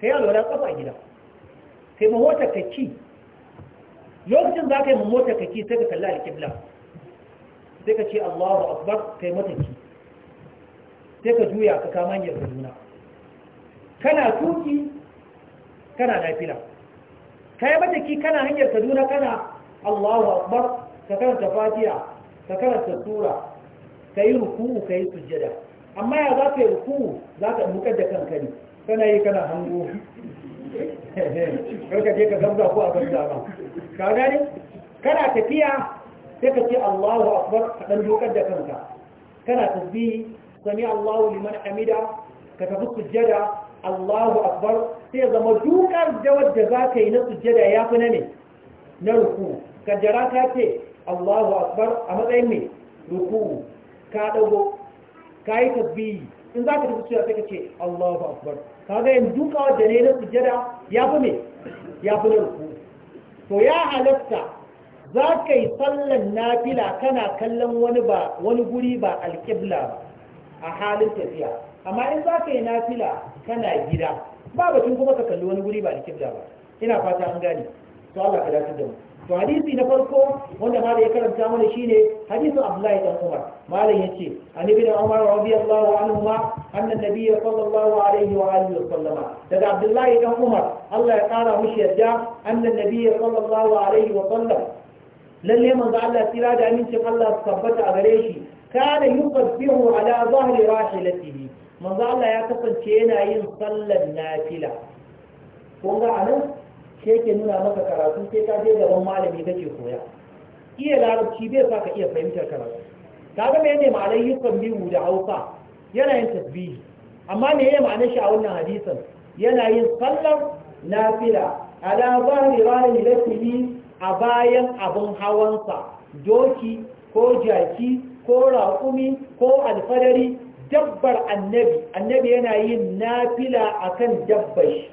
kai alwala kafa a gida kai mahota ka ci lokacin za ka yi mahota ka ci sai ka kalla alƙibla sai ka ce allahu akbar kai mata ci sai ka juya ka kama hanyar kaduna kana tuki kana na fila. ka yi ki, kana hanyar kaduna kana allahu akbar ka karanta fatiha ka karanta tura ka yi ruku'u ka yi sujjada amma ya za ka yi ruku'u za ka bukar da kanka ne kana yi kana hango karka je ka gamza ko a gamza ba ka gani kana tafiya sai ka ce allahu akbar ka dan dokar da kanka kana tasbihi sami allahu liman hamida ka tafi sujjada allahu akbar sai zama dukar jawar da za ka yi na sujjada ya fi na ne na ruku ka jara ka ce Allahu akbar a matsayin mai ruku ka dago ka yi tasbihi in za ka tafi sujjada sai ka ce Allahu akbar ka ga yin duka da ne na sujjada ya fi mai ya fi na ruku to ya halatta za ka yi sallan nafila kana kallon wani ba wani guri ba alƙibla ba a halin tafiya amma in za ka yi nafila kana gida ba batun kuma ka kalli wani guri ba da kibla ba ina fata an gane to Allah ka dace da mu to hadisi na farko wanda malam ya karanta mana shine hadisin Abdullahi dan Umar malam yace an ibn Umar radiyallahu anhuma anna nabiyya sallallahu alaihi wa alihi wa sallama daga Abdullahi dan Umar Allah ya kara mushi yadda anna nabiyya sallallahu alaihi wa sallam lalle manzo Allah tira da amincin Allah tabbata a gare shi kana yusabbihu ala zahri rahilatihi manzo Allah ya kasance yana yin sallar nafila ko ga anan shi ke nuna maka karatu sai ka je gaban malami kake koya iya larabci bai sa ka iya fahimtar karatu ka ga me ne ma'anar yukan biyu da hausa yana yin tasbihi amma me ya ma'anar shi a wannan hadisin yana yin sallar nafila ala zahiri rani lafihi a bayan abin hawansa doki ko jaki ko raƙumi ko alfadari dabbar annabi annabi yana yin nafila akan dabbar shi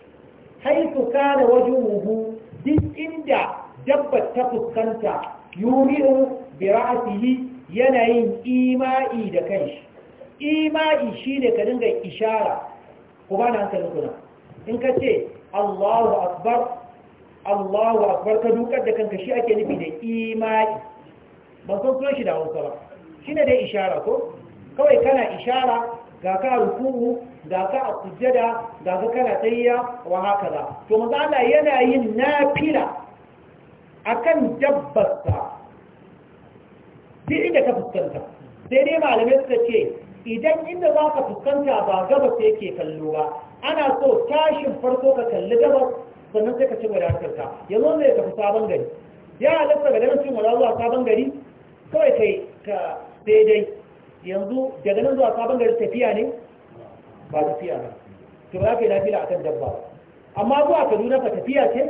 haitu kana wajuhu duk inda dabbar ta fuskanta yuri'u bi ra'sihi yana yin ima'i da kanshi ima'i shine ka dinga ishara ku ba na hankalin kuna in ka ce Allahu akbar Allahu akbar ka dukar da kanka shi ake nufi da ima'i ban san sunan shi da Hausa ba shine dai ishara ko kawai kana ishara ga ka ruku'u ga ka a sujjada ga ka kana tayya wa haka hakaza to manzo Allah yana yin nafila akan dabbarsa duk inda ka fuskanta sai dai malamai suka ce idan inda za ka fuskanta ba gaba sai ke kallo ba ana so tashin farko ka kalli gabas sannan sai ka ci gaba da harkarka yanzu ne ka fi sabon gari ya halatta ga ganin cin wala sabon gari kawai kai ka sai dai. yanzu daga nan zuwa sabon gari tafiya ne ba tafiya ba to za ka yi nafila akan dabba amma zuwa kaduna ka tafiya ce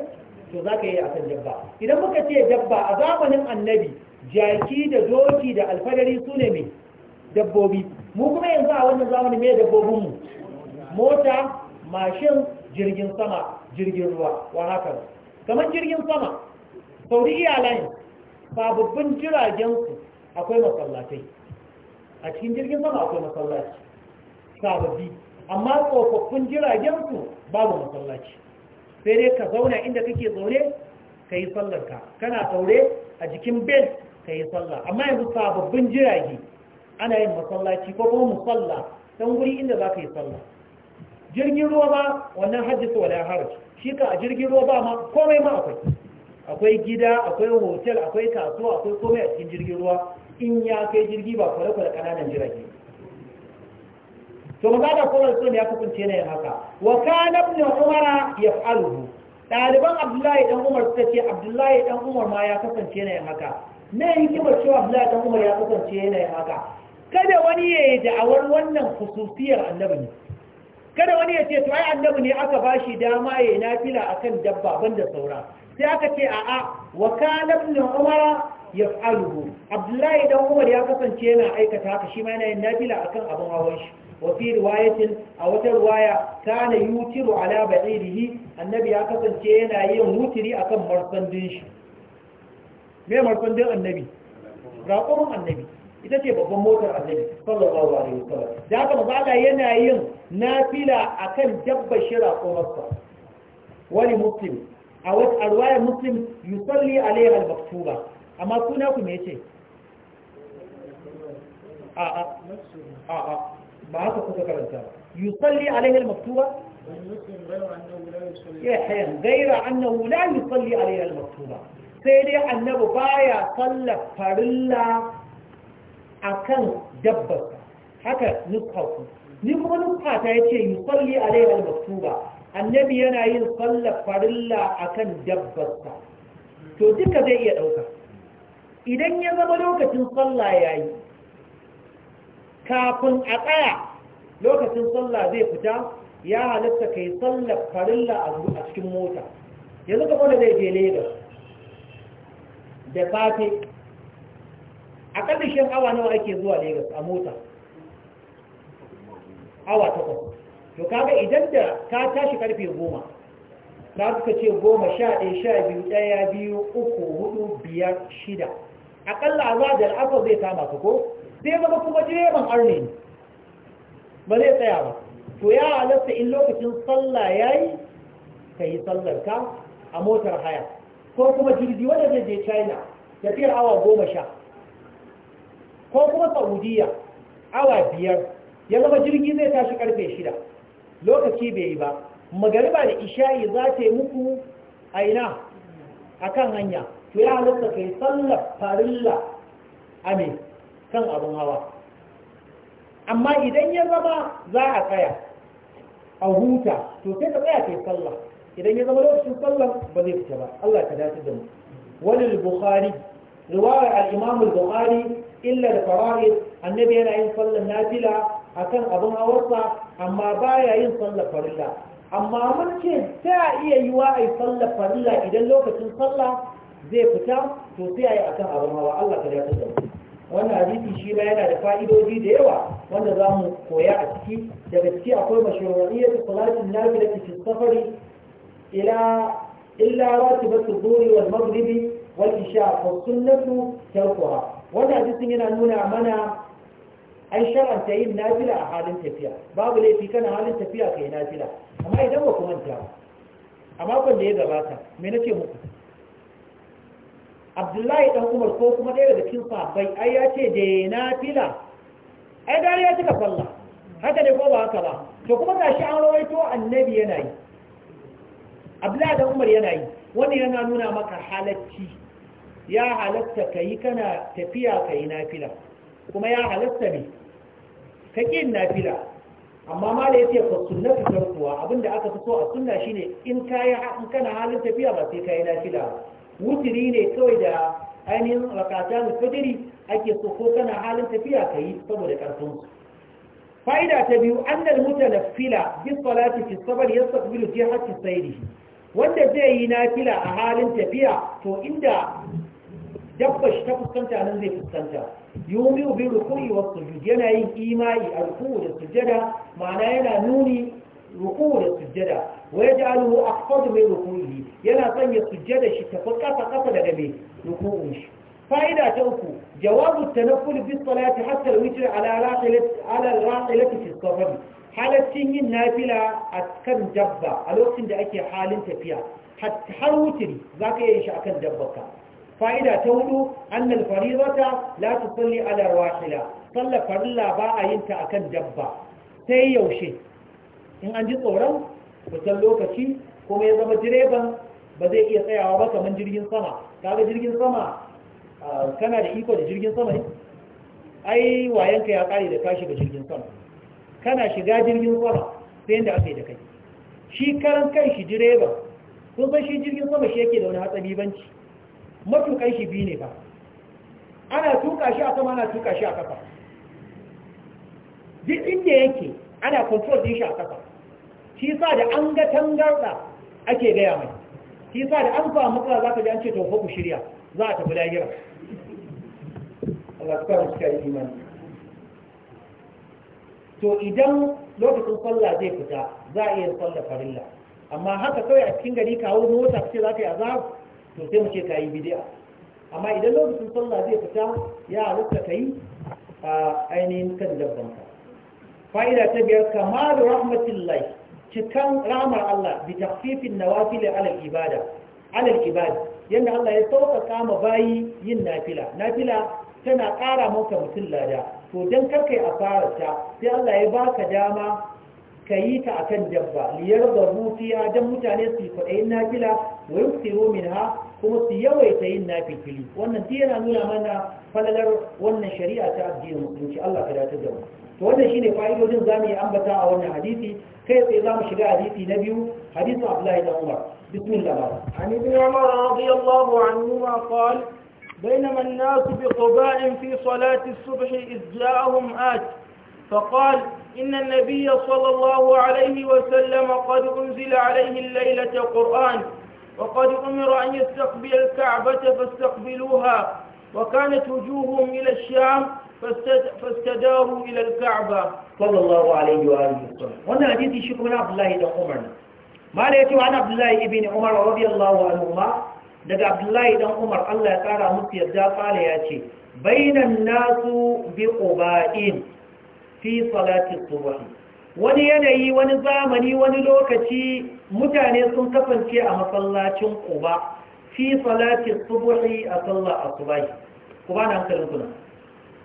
to za ka yi akan dabba idan muka ce dabba a zamanin annabi jaki da doki da alfadari su ne mai dabbobi mu kuma yanzu a wannan zamanin mai mu? mota mashin jirgin sama jirgin ruwa wa haka kamar jirgin sama saudi iyalan sababbin jiragensu akwai masallatai a cikin jirgin sama akwai masallaci sababbi amma tsofaffin jiragen su babu masallaci sai dai ka zauna inda kake zaune ka yi sallarka kana taure a jikin bel ka yi sallah amma yanzu sababbin jirage ana yin masallaci ko kuma musalla don wuri inda za ka yi sallah jirgin ruwa ba wannan Hajji hajjisa wala haraj shi ka a jirgin ruwa ba ma komai ma akwai akwai gida akwai hotel akwai kasuwa akwai komai a cikin jirgin ruwa in ya kai jirgi ba kwale-kwale ƙananan jirage to maza da kuma sun ya kasance na yin haka wa kana ibn umara yaf'aluhu Ɗaliban abdullahi dan umar suka ce abdullahi dan umar ma ya kasance na yin haka me hikimar cewa abdullahi dan umar ya kasance na yin haka kada wani ya yi da'awar wannan khususiyar annabi ne kada wani ya ce to ai annabi ne aka bashi dama ya yi nafila akan dabba banda saura sai aka ce a wa kana ibn umar yaf'aluhu abdullahi dan umar ya kasance yana aikata haka shi ma yana yin nafila akan abin hawan shi wa fi riwayatin a wata riwaya kana yutiru ala ba'irihi annabi ya kasance yana yin wutiri akan marsandin shi me marsandin annabi raƙumin annabi ita ce babban motar annabi sallallahu alaihi wasallam da haka manzo yana yin nafila akan dabba shi raƙumarsa wani muslim a wata arwayar muslim yusalli alaiha al-maktuba amma kuna ku me ce a a a a ba haka kuka karanta yusalli alaiha al-maktuba yahya gaira annahu la yusalli alaiha al-maktuba sai dai annabu baya sallar farilla akan dabbar haka nufa ku ni kuma nufa ta yace yusalli alaiha al-maktuba annabi yana yin tsalla farilla akan dabbarsa to duka zai iya ɗauka idan ya zama lokacin sallah ya yi kafin a tsaya lokacin sallah zai fita ya halatta kai tsalla farilla a cikin mota yanzu kamar da zai je lagos da safe a ƙarfishin awa nawa ake zuwa lagos a mota awa takwas to kaga idan da ka tashi karfe goma na suka ce goma sha ɗaya sha biyu ɗaya biyu uku hudu biyar shida aƙalla a da al'afar zai kama ka ko sai zama kuma direban arne ba zai tsaya ba to ya halatta in lokacin sallah ya yi ka yi sallar ka a motar haya ko kuma jirgi wanda zai je china tafiyar awa goma sha ko kuma saudiya awa biyar ya zama jirgi zai tashi karfe shida lokaci bai yi ba magariba da isha'i za ta yi muku aina a kan hanya to ya halatta kai sallar farilla a me kan abin hawa amma idan ya zama za a tsaya a huta to sai ka tsaya kai sallah idan ya zama lokacin sallar ba zai fita ba Allah ka dace da mu wani bukhari riwayar al-imam al-bukhari illa da fara'id annabi yana yin sallar nafila akan abin hawarsa amma baya yin sallar farilla amma mun ce ta iya yi wa ai sallar farilla idan lokacin sallah zai fita to sai ayi akan abin hawa Allah ka dace da wannan hadisi shi ma yana da fa'idoji da yawa wanda za mu koya a ciki daga ciki akwai mashru'iyyat salatin nafila fi safari ila illa ratibatu dhuhri wal maghribi wal isha fa sunnatu tarkuha wannan hadisin yana nuna mana an ta yin nafila a halin tafiya babu laifi kana halin tafiya kai nafila amma idan ba ku manta a makon da ya gabata me nake muku abdullahi dan umar ko kuma ɗaya daga cikin sahabbai ai ya ce da nafila ai dare ya cika sallah haka ne ko ba haka ba to kuma gashi an rawaito annabi yana yi abdullahi dan umar yana yi wannan yana nuna maka halacci ya halatta kai kana tafiya kai nafila kuma ya halatta ne ka ƙin nafila amma ma da ya ce fa sunnatu tarkuwa abinda aka fi so a sunna shine in ka in kana halin tafiya ba sai kayi nafila Wudiri ne kawai da ainihin rakata da fajiri ake so ko kana halin tafiya kayi saboda ƙarfin fa'ida ta biyu annal mutanaffila bis salati fi sabr yastaqbilu jihati sayri wanda zai yi nafila a halin tafiya to inda dabba shi ta fuskanta nan zai fuskanta yumiu bi ruku'i wa sujud yana yin ima'i a ruku'u da sujada ma'ana yana nuni ruku'u da sujada wa a aqfad mai ruku'ihi yana sanya sujada shi ta kasa kasa daga mai ruku'un shi fa'ida ta uku jawabu ta na salati hatta al-witr ala raqilat ala raqilati fi halaccin yin nafila a kan dabba a lokacin da ake halin tafiya har wutiri za ka yi shi a kan dabbarka fa'ida ta hudu annal faridata la tusalli ala rawahila sallar farilla ba a yin ta akan dabba sai yaushe in an ji tsoron kusan lokaci kuma ya zama direban ba zai iya tsayawa ba kamar jirgin sama kaga jirgin sama kana da iko da jirgin sama ne ai wayanka ya kare da kashi ga jirgin sama kana shiga jirgin sama sai inda aka yi da kai shi karan kan shi direban kun san shi jirgin sama shi yake da wani hatsari banci matuƙai shi biyu ne ba ana tuka shi a sama ana tuka shi a kafa duk inda yake ana control din shi a kafa shi sa da an ga tangarda ake gaya mai shi sa da an fara matsala za ka ji an ce tofa ku shirya za a tafi lahira Allah ta shi yi imani to idan lokacin sallah zai fita za a iya sallah farilla amma haka kawai a cikin gari kawo mota ce za ka yi azab to sai mu ce ka yi bid'a amma idan lokacin sallah zai fita ya raka ka yi a ainihin kan dabbanka fa'ida ta biyar kamalu rahmatillahi cikan ramar Allah bi tafifin nawafil alal ibada alal ibada yanda Allah ya sauƙaƙa ma bayi yin nafila nafila tana ƙara maka mutum lada to dan karkai a fara ta sai Allah ya baka dama كيك أكن جبا ليرضى موتي آدم متعني السيطة إينا جلا ويكسروا منها ومسي يويتين نافي كلي وأن الدين أنونا منا فلالر وأن الشريعة الدين إن شاء الله فلا تدوم وأن الشيء فائد وزن زامي أنبتا وأن حديثي كيف إظام شراء حديثي نبي حديث عبد الله إلى عمر بسم الله عن ابن عمر رضي الله عنهما قال بينما الناس بقباء في صلاة الصبح إذ جاءهم آت فقال إن النبي صلى الله عليه وسلم قد أنزل عليه الليلة قرآن وقد أمر أن يستقبل الكعبة فاستقبلوها وكانت وجوههم إلى الشام فاستداروا إلى الكعبة صلى الله عليه وآله وسلم وانا حديثي شكو من عبد الله بن عمر ما ليتو عن عبد الله بن عمر رضي الله عنهما دقى عبد الله بن عمر الله تعالى مصير دا قال ياتي بين الناس بقبائل fi salatin subuhi! wani yanayi wani zamani wani lokaci mutane sun kasance a masallacin quba fi salatin subuhi" a sallar asubahi quba na hankalin kuna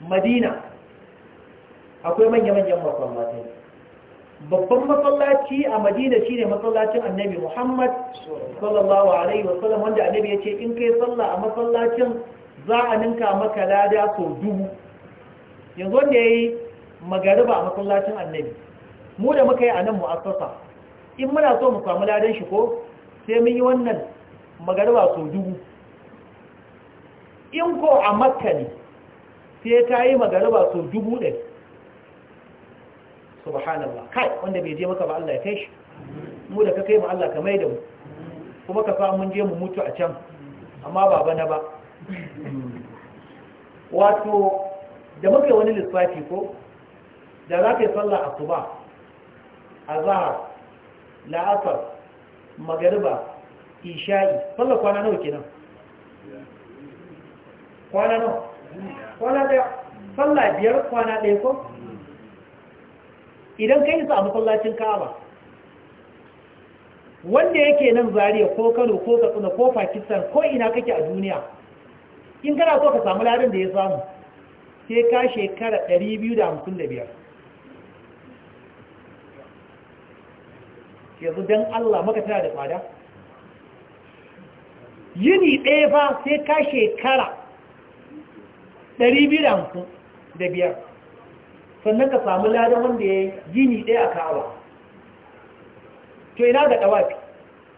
madina akwai manya-manyan masallaci babban masallaci a madina shine masallacin annabi muhammad sallallahu alaihi wasallam wanda annabi ya ce in kai sallah a masallacin za a ninka maka lada sau dubu yanzu wanda ya yi magariba a masallacin annabi mu da muka yi a nan mu'assasa in muna so mu samu ladan shi ko sai mun yi wannan magariba sau dubu in ko a makka ne sai ta yi magariba sau dubu ɗai subhanallah kai wanda bai je maka ba Allah ya kai shi mu da ka kai mu Allah ka mai da mu kuma ka samu mun je mu mutu a can amma ba bana ba wato da muka yi wani lissafi ko da za ka yi sallah a zahar la'asar magariba isha'i tsalla kwana nawa kenan kwana nawa kwana daya sallah biyar kwana daya ko idan ka yi sa a masallacin kawa. wanda yake nan zariya ko kano ko katsina ko pakistan ko ina kake a duniya in kana so ka samu larin da ya samu sai ka shekara 255 yanzu don Allah maka tana da fada yini ɗaya ba sai ka shekara 250 da biyar sannan ka samu ladan wanda ya yini ɗaya a ka'awa to ina ga ɗawafi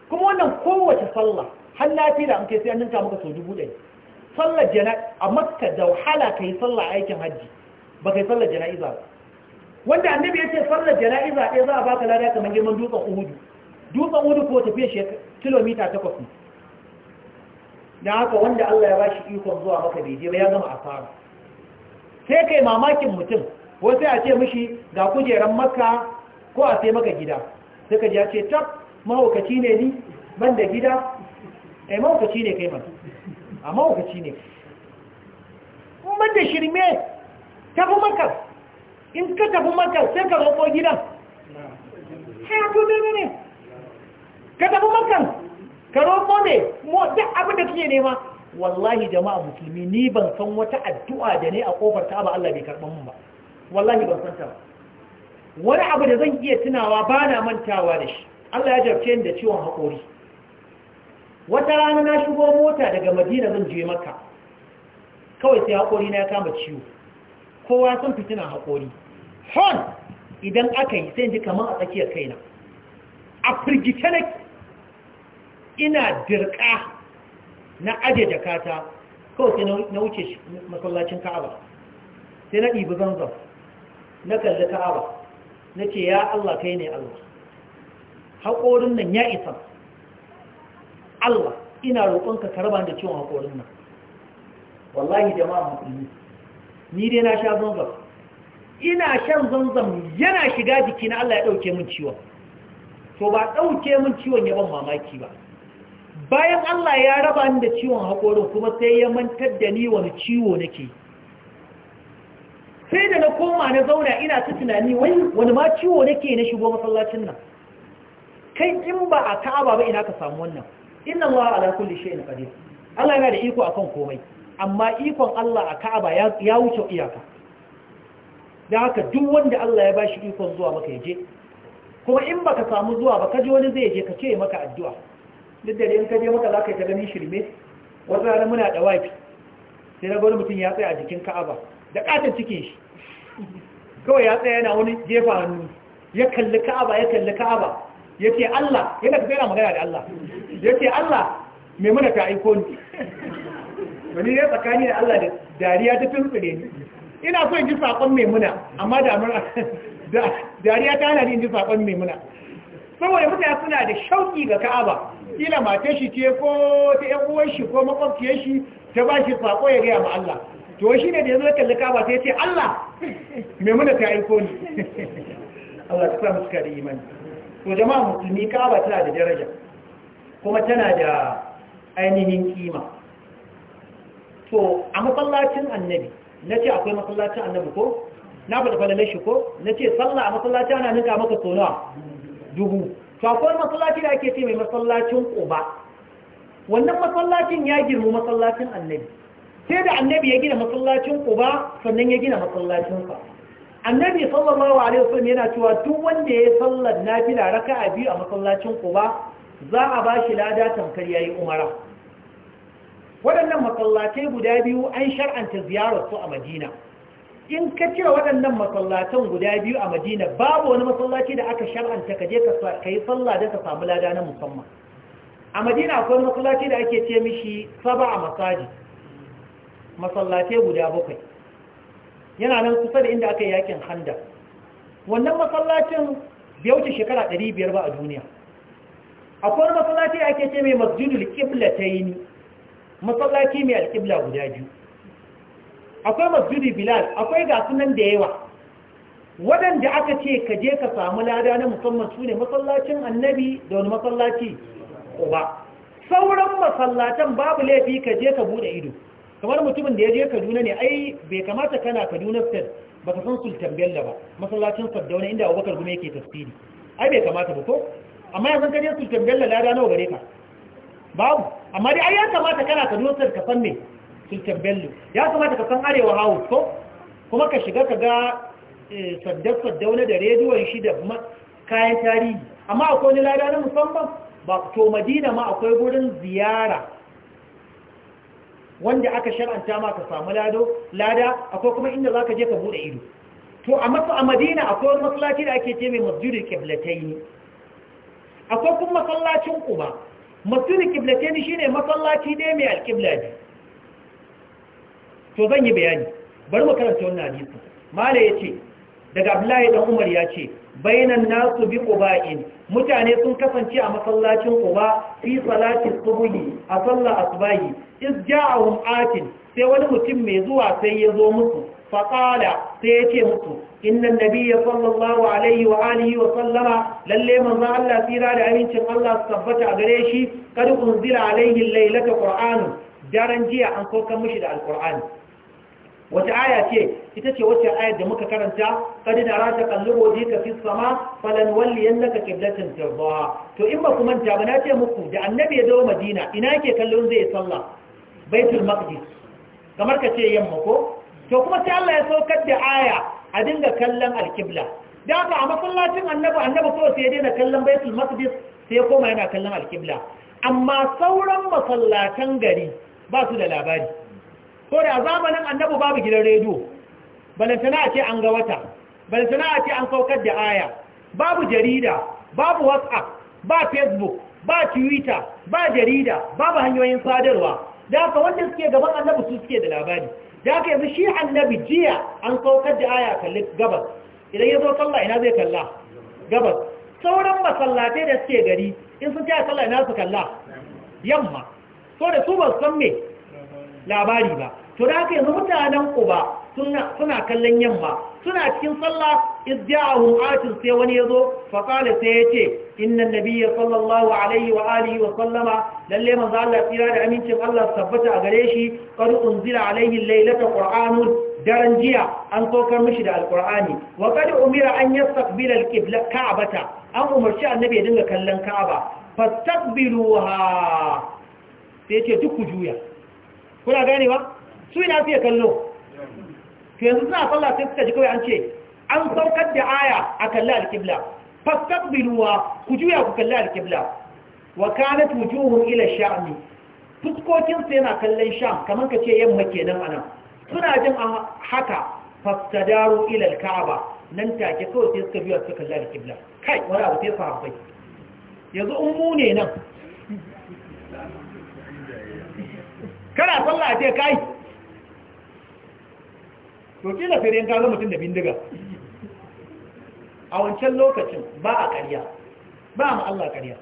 kuma wannan kowace sallah hannafi da amke sai an ninka maka sau dubu ɗaya sallar jana'i a makka da wahala ka yi sallah aikin hajji ba ka yi sallar jana'iza ba wanda annabi ya ce sallar jana'iza ɗaya za a baka lada kamar girman dutsen uhudu dutsen uhudu ko tafiya kilomita takwas ne da haka wanda Allah ya bashi ikon zuwa maka bai je ba ya gama asara sai kai mamakin mutum ko sai a ce mishi ga kujeran makka ko a sai maka gida sai ka ji ya ce tab mahaukaci ne ni ban da gida eh mahaukaci ne kai man a mahaukaci ne ban da shirme tafi makar in ka tafi maka sai ka roƙo gidan haka dai ne ka tafi maka ka roƙo ne mu duk abin da kike nema wallahi jama'a musulmi ni ban san wata addu'a da ne a kofar ta ba Allah bai karɓa mun ba wallahi ban san ta ba wani abu da zan iya tunawa ba na mantawa da shi Allah ya jarce ni da ciwon haƙori wata rana na shigo mota daga madina zan je maka kawai sai haƙori na ya kama ciwo kowa sun fitina haƙori hon idan aka yi sai ji kamar a tsakiyar kaina a firgice na ina dirka na ajiye jakata kawai sai na wuce masallacin ka'aba sai na ɗibi zanzan na kalli ka'aba na ce ya Allah kai ne Allah haƙorin nan ya isa Allah ina roƙonka karban da ciwon haƙorin nan wallahi jama'a musulmi ni dai na sha zanzan ina shan zanzam yana shiga jiki na Allah ya ɗauke min ciwon to ba ɗauke min ciwon ya ban mamaki ba bayan Allah ya raba ni da ciwon haƙorin kuma sai ya mantar da ni wani ciwo nake sai da na koma na zauna ina ta tunani wani ma ciwo nake na shigo masallacin nan kai in ba a ka'aba ba ina ka samu wannan inna Allah ala kulli shay'in qadir Allah yana da iko akan komai amma ikon Allah a Ka'aba ya wuce iyaka da haka duk wanda Allah ya ba shi ikon zuwa maka ya je. kuma in baka samu zuwa ba kaje wani zai je ka ce maka addu'a duk da in kaje maka za ka yi ta ganin shirme wata rana muna da wafi sai na gwani mutum ya tsaye a jikin Ka'aba da katon cikin shi kawai ya tsaye yana wani jefa hannu ya kalli Ka'aba ya kalli Ka'aba yace Allah yana tafiya magana da Allah yace Allah me muna ta aiko ni wani ya tsakani da Allah da dariya ta tsire ni ina so in ji sakon maimuna amma da dariya ta hana ni in ji sakon muna saboda mutane suna da shauki ga Ka'aba kila matar shi ce ko ta ƴan uwan shi ko makwabciyar shi ta ba shi sako ya gaya ma Allah to shi ne da yazo kalli Ka'aba sai ya ce Allah muna ta aiko ni Allah ta sa mu suka da imani to jama'a musulmi Ka'aba tana da daraja kuma tana da ainihin kima To a masallacin annabi na ce akwai masallacin annabi ko na faɗa falalai shi ko na ce sallah a masallacin ana ninka maka sonawa dubu to akwai masallaci da ake ce mai masallacin ƙoba? wannan masallacin ya girmu masallacin annabi sai da annabi ya gina masallacin ƙoba sannan ya gina masallacinsa annabi sallallahu alaihi wasallam yana cewa duk wanda ya sallar nafila raka'a biyu a masallacin ƙoba, za a ba shi lada tamkar yayi umara waɗannan masallatai guda biyu an shar'anta ziyararsu a madina in ka cire waɗannan masallatan guda biyu a madina babu wani masallaci da aka shar'anta ka je ka yi sallah da ka samu lada na musamman a madina akwai masallaci da ake ce mishi saba a masaji masallatai guda bakwai yana nan kusa da inda aka yi yakin handa wannan masallacin bai wuce shekara 500 ba a duniya akwai wani masallaci da ake ce mai masjidul qiblatayn masallaci mai alƙibla guda biyu akwai masjidi bilal akwai gasu nan da yawa waɗanda aka ce ka je ka samu lada na musamman su ne masallacin annabi da wani masallaci ba sauran masallacin babu laifi ka je ka buɗe ido kamar mutumin da ya je kaduna ne ai bai kamata kana kaduna state ba ka san sultan bello ba masallacin saddauna inda abubakar gume yake tasiri ai bai kamata ba ko amma yanzu ka je sultan bello lada nawa gare ka babu amma dai ai ya kamata kana ka dosar ka san me sultan bello ya kamata ka san arewa house ko kuma ka shiga ka ga eh, sadda-sadda da rediyon shi da kayan tarihi amma akwai wani lada na musamman ba to madina ma akwai gurin ziyara wanda aka shar'anta ma ka samu lado lada akwai kuma inda za ka je ka bude ido to a a madina akwai masallaci da ake ce mai masjidin ne akwai kuma masallacin kuma masjidul qiblatayni shine masallaci dai mai alqibla ne to zan yi bayani bari mu karanta wannan hadisi mala yace daga abdullahi dan umar yace bainan nasu bi quba'in mutane sun kasance a masallacin quba fi salati subhi a sallar asbahi iz ja'ahum atin sai wani mutum mai zuwa sai ya zo musu faqala sai yace musu inna nabiyya sallallahu alaihi wa alihi wa sallama lallai manzo Allah tsira da amincin Allah su tabbata a gare shi kad unzila alaihi laylata qur'an daren jiya an kokan mashi da alqur'an wata aya ce ita ce wacce ayar da muka karanta kadi dara ta kallubo ji ka fis sama falan walli yannaka qiblatan tarda to in ba ku manta ba na ce muku da annabi ya dawo madina ina yake kallon zai salla baitul maqdis kamar ka ce yamma ko to kuma sai Allah ya saukar da aya a dinga kallon alkibla da aka a masallacin annabi annabi so sai daina kallon baitul maqdis sai ya koma yana kallon alkibla amma sauran masallatan gari ba su da labari ko da zamanin annabi babu gidan rediyo balantana a ce an ga wata balantana a ce an saukar da aya babu jarida babu whatsapp ba facebook ba twitter ba jarida babu hanyoyin sadarwa da haka wanda suke gaban annabi su suke da labari da aka yanzu shi annabi jiya an saukar da aya kalli gabas idan ya zo sallah ina zai kalla gabas sauran masallatai da suke gari in sun ta sallah ina su kalla yamma so da su ba san me labari ba to da aka yanzu mutanen ku ba. suna kallon yamma suna cikin sallah izja'ahum atin sai wani yazo fa qala sai yace inna nabiyya sallallahu alaihi wa alihi wa sallama lalle manzo Allah tsira da amincin Allah tabbata a gare shi qad unzila alaihi laylata qur'anun daren jiya an saukar mishi da alqur'ani wa qad umira an yastaqbila alqibla ka'bata an umarci annabi ya dinga kallon ka'aba fastaqbiluha sai yace duk ku juya kuna ganewa ba su ina fiye kallo to yanzu suna sallah sai suka ji kawai an ce an saukar da aya a kalla kalli alkibla fastaqbiluwa ku juya ku kalli alkibla wa kanat wujuhum ila sha'mi fuskokin su yana kallon sham kamar ka ce yamma kenan anan suna jin haka fastadaru ila alka'aba nan take kawai sai suka biya suka kalli alkibla kai wani abu sai su sahabbai yanzu in mu ne nan kana sallah ce kai to kila sai in kaga mutum da bindiga a wancan lokacin ba a ƙarya ba mu Allah ƙarya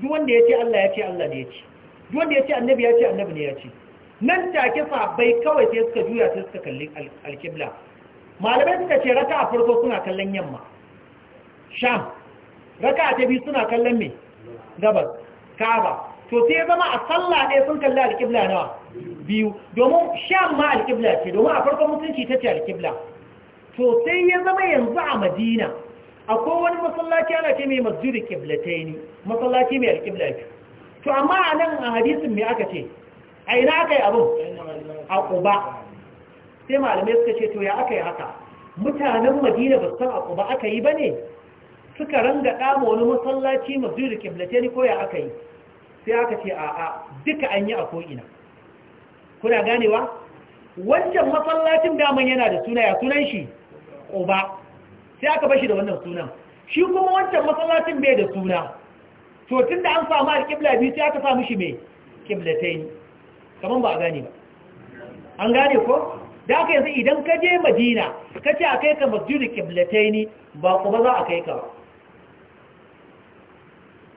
duk wanda ya ce Allah ya ce Allah ne ya ce duk wanda ya ce annabi ya ce annabi ne ya ce nan take bai kawai sai suka juya sai suka kalli alkibla malamai suka ce raka a farko suna kallon yamma sham raka ta biyu suna kallon me gabas kaba to sai zama a sallah ne sun kalli alkibla nawa biyu domin sham ma alƙibla ce domin a farkon mutunci ta ce alƙibla to sai ya zama yanzu a madina akwai wani masallaci ana ce mai ta yi ne masallaci mai alƙibla ce to amma a nan a hadisin mai aka ce a ina aka yi abin a ƙuba sai malamai suka ce to ya aka yi haka mutanen madina ba san a ƙuba aka yi ba ne suka ranga ɗama wani masallaci masjidi ƙiblatai ne ko ya aka yi sai aka ce a'a duka an yi a ko'ina kuna ganewa wancan masallacin daman yana da suna ya sunan shi Oba. sai aka bashi da wannan sunan shi kuma wancan masallacin bai da suna to tun da an samu alƙibla biyu sai aka samu shi mai ƙiblatai kaman ba a gane ba an gane ko da aka yanzu idan ka je madina ka ce a kai ka masjidu ƙiblatai ba kuma za a kai ka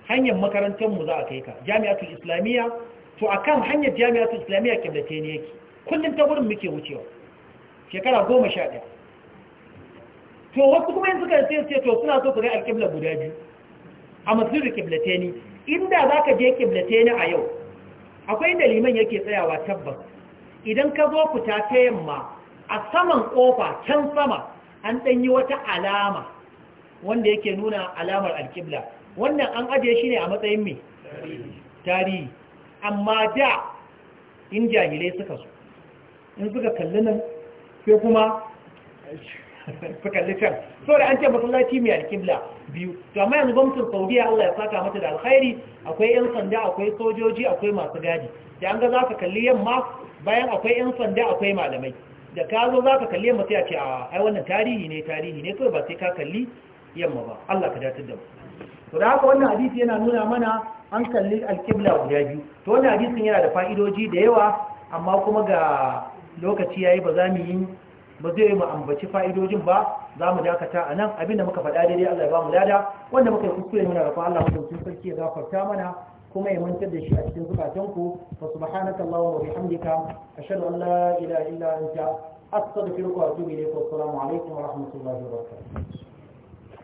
Hanyar makarantar mu za a kai ka jami'atul islamiyya to a kan hanyar jami'atu islamiyya kiblatai ne yake kullum ta wurin muke wucewa shekara goma sha ɗaya to wasu kuma yanzu kan sai ce to suna so su ga alƙibla guda biyu a masjid kiblatai ne inda za ka je kiblatai ne a yau akwai inda liman yake tsayawa tabbas idan ka zo fita ta yamma a saman ƙofa can sama an ɗan yi wata alama wanda yake nuna alamar alƙibla wannan an ajiye shi ne a matsayin mai tarihi amma da in jahilai suka so in suka kalli nan sai kuma su kalli can so da an ce masallaci mai alkibla biyu to amma yanzu gwamnatin saudiya allah ya saka mata da alkhairi akwai yan sanda akwai sojoji akwai masu gadi da an ga za ka kalli yamma bayan akwai yan sanda akwai malamai da ka zo za ka kalli yamma sai a ce a ai wannan tarihi ne tarihi ne kawai ba sai ka kalli yamma ba allah ka datar da mu to da haka wannan hadisi yana nuna mana an kalli alkibla guda biyu to wannan hadisin yana da fa'idoji da yawa amma kuma ga lokaci yi ba za mu yi ba zai mu ambaci fa'idojin ba za mu dakata a nan abinda muka faɗa daidai Allah ya ba mu lada wanda muka yi kuskure muna rafa Allah sun sarki ya gafarta mana kuma ya mantar da shi a cikin zukatanku wa subhanaka Allahumma wa bihamdika ashhadu an la ilaha illa anta astaghfiruka wa atubu ilayk assalamu alaikum wa rahmatullahi wa barakatuh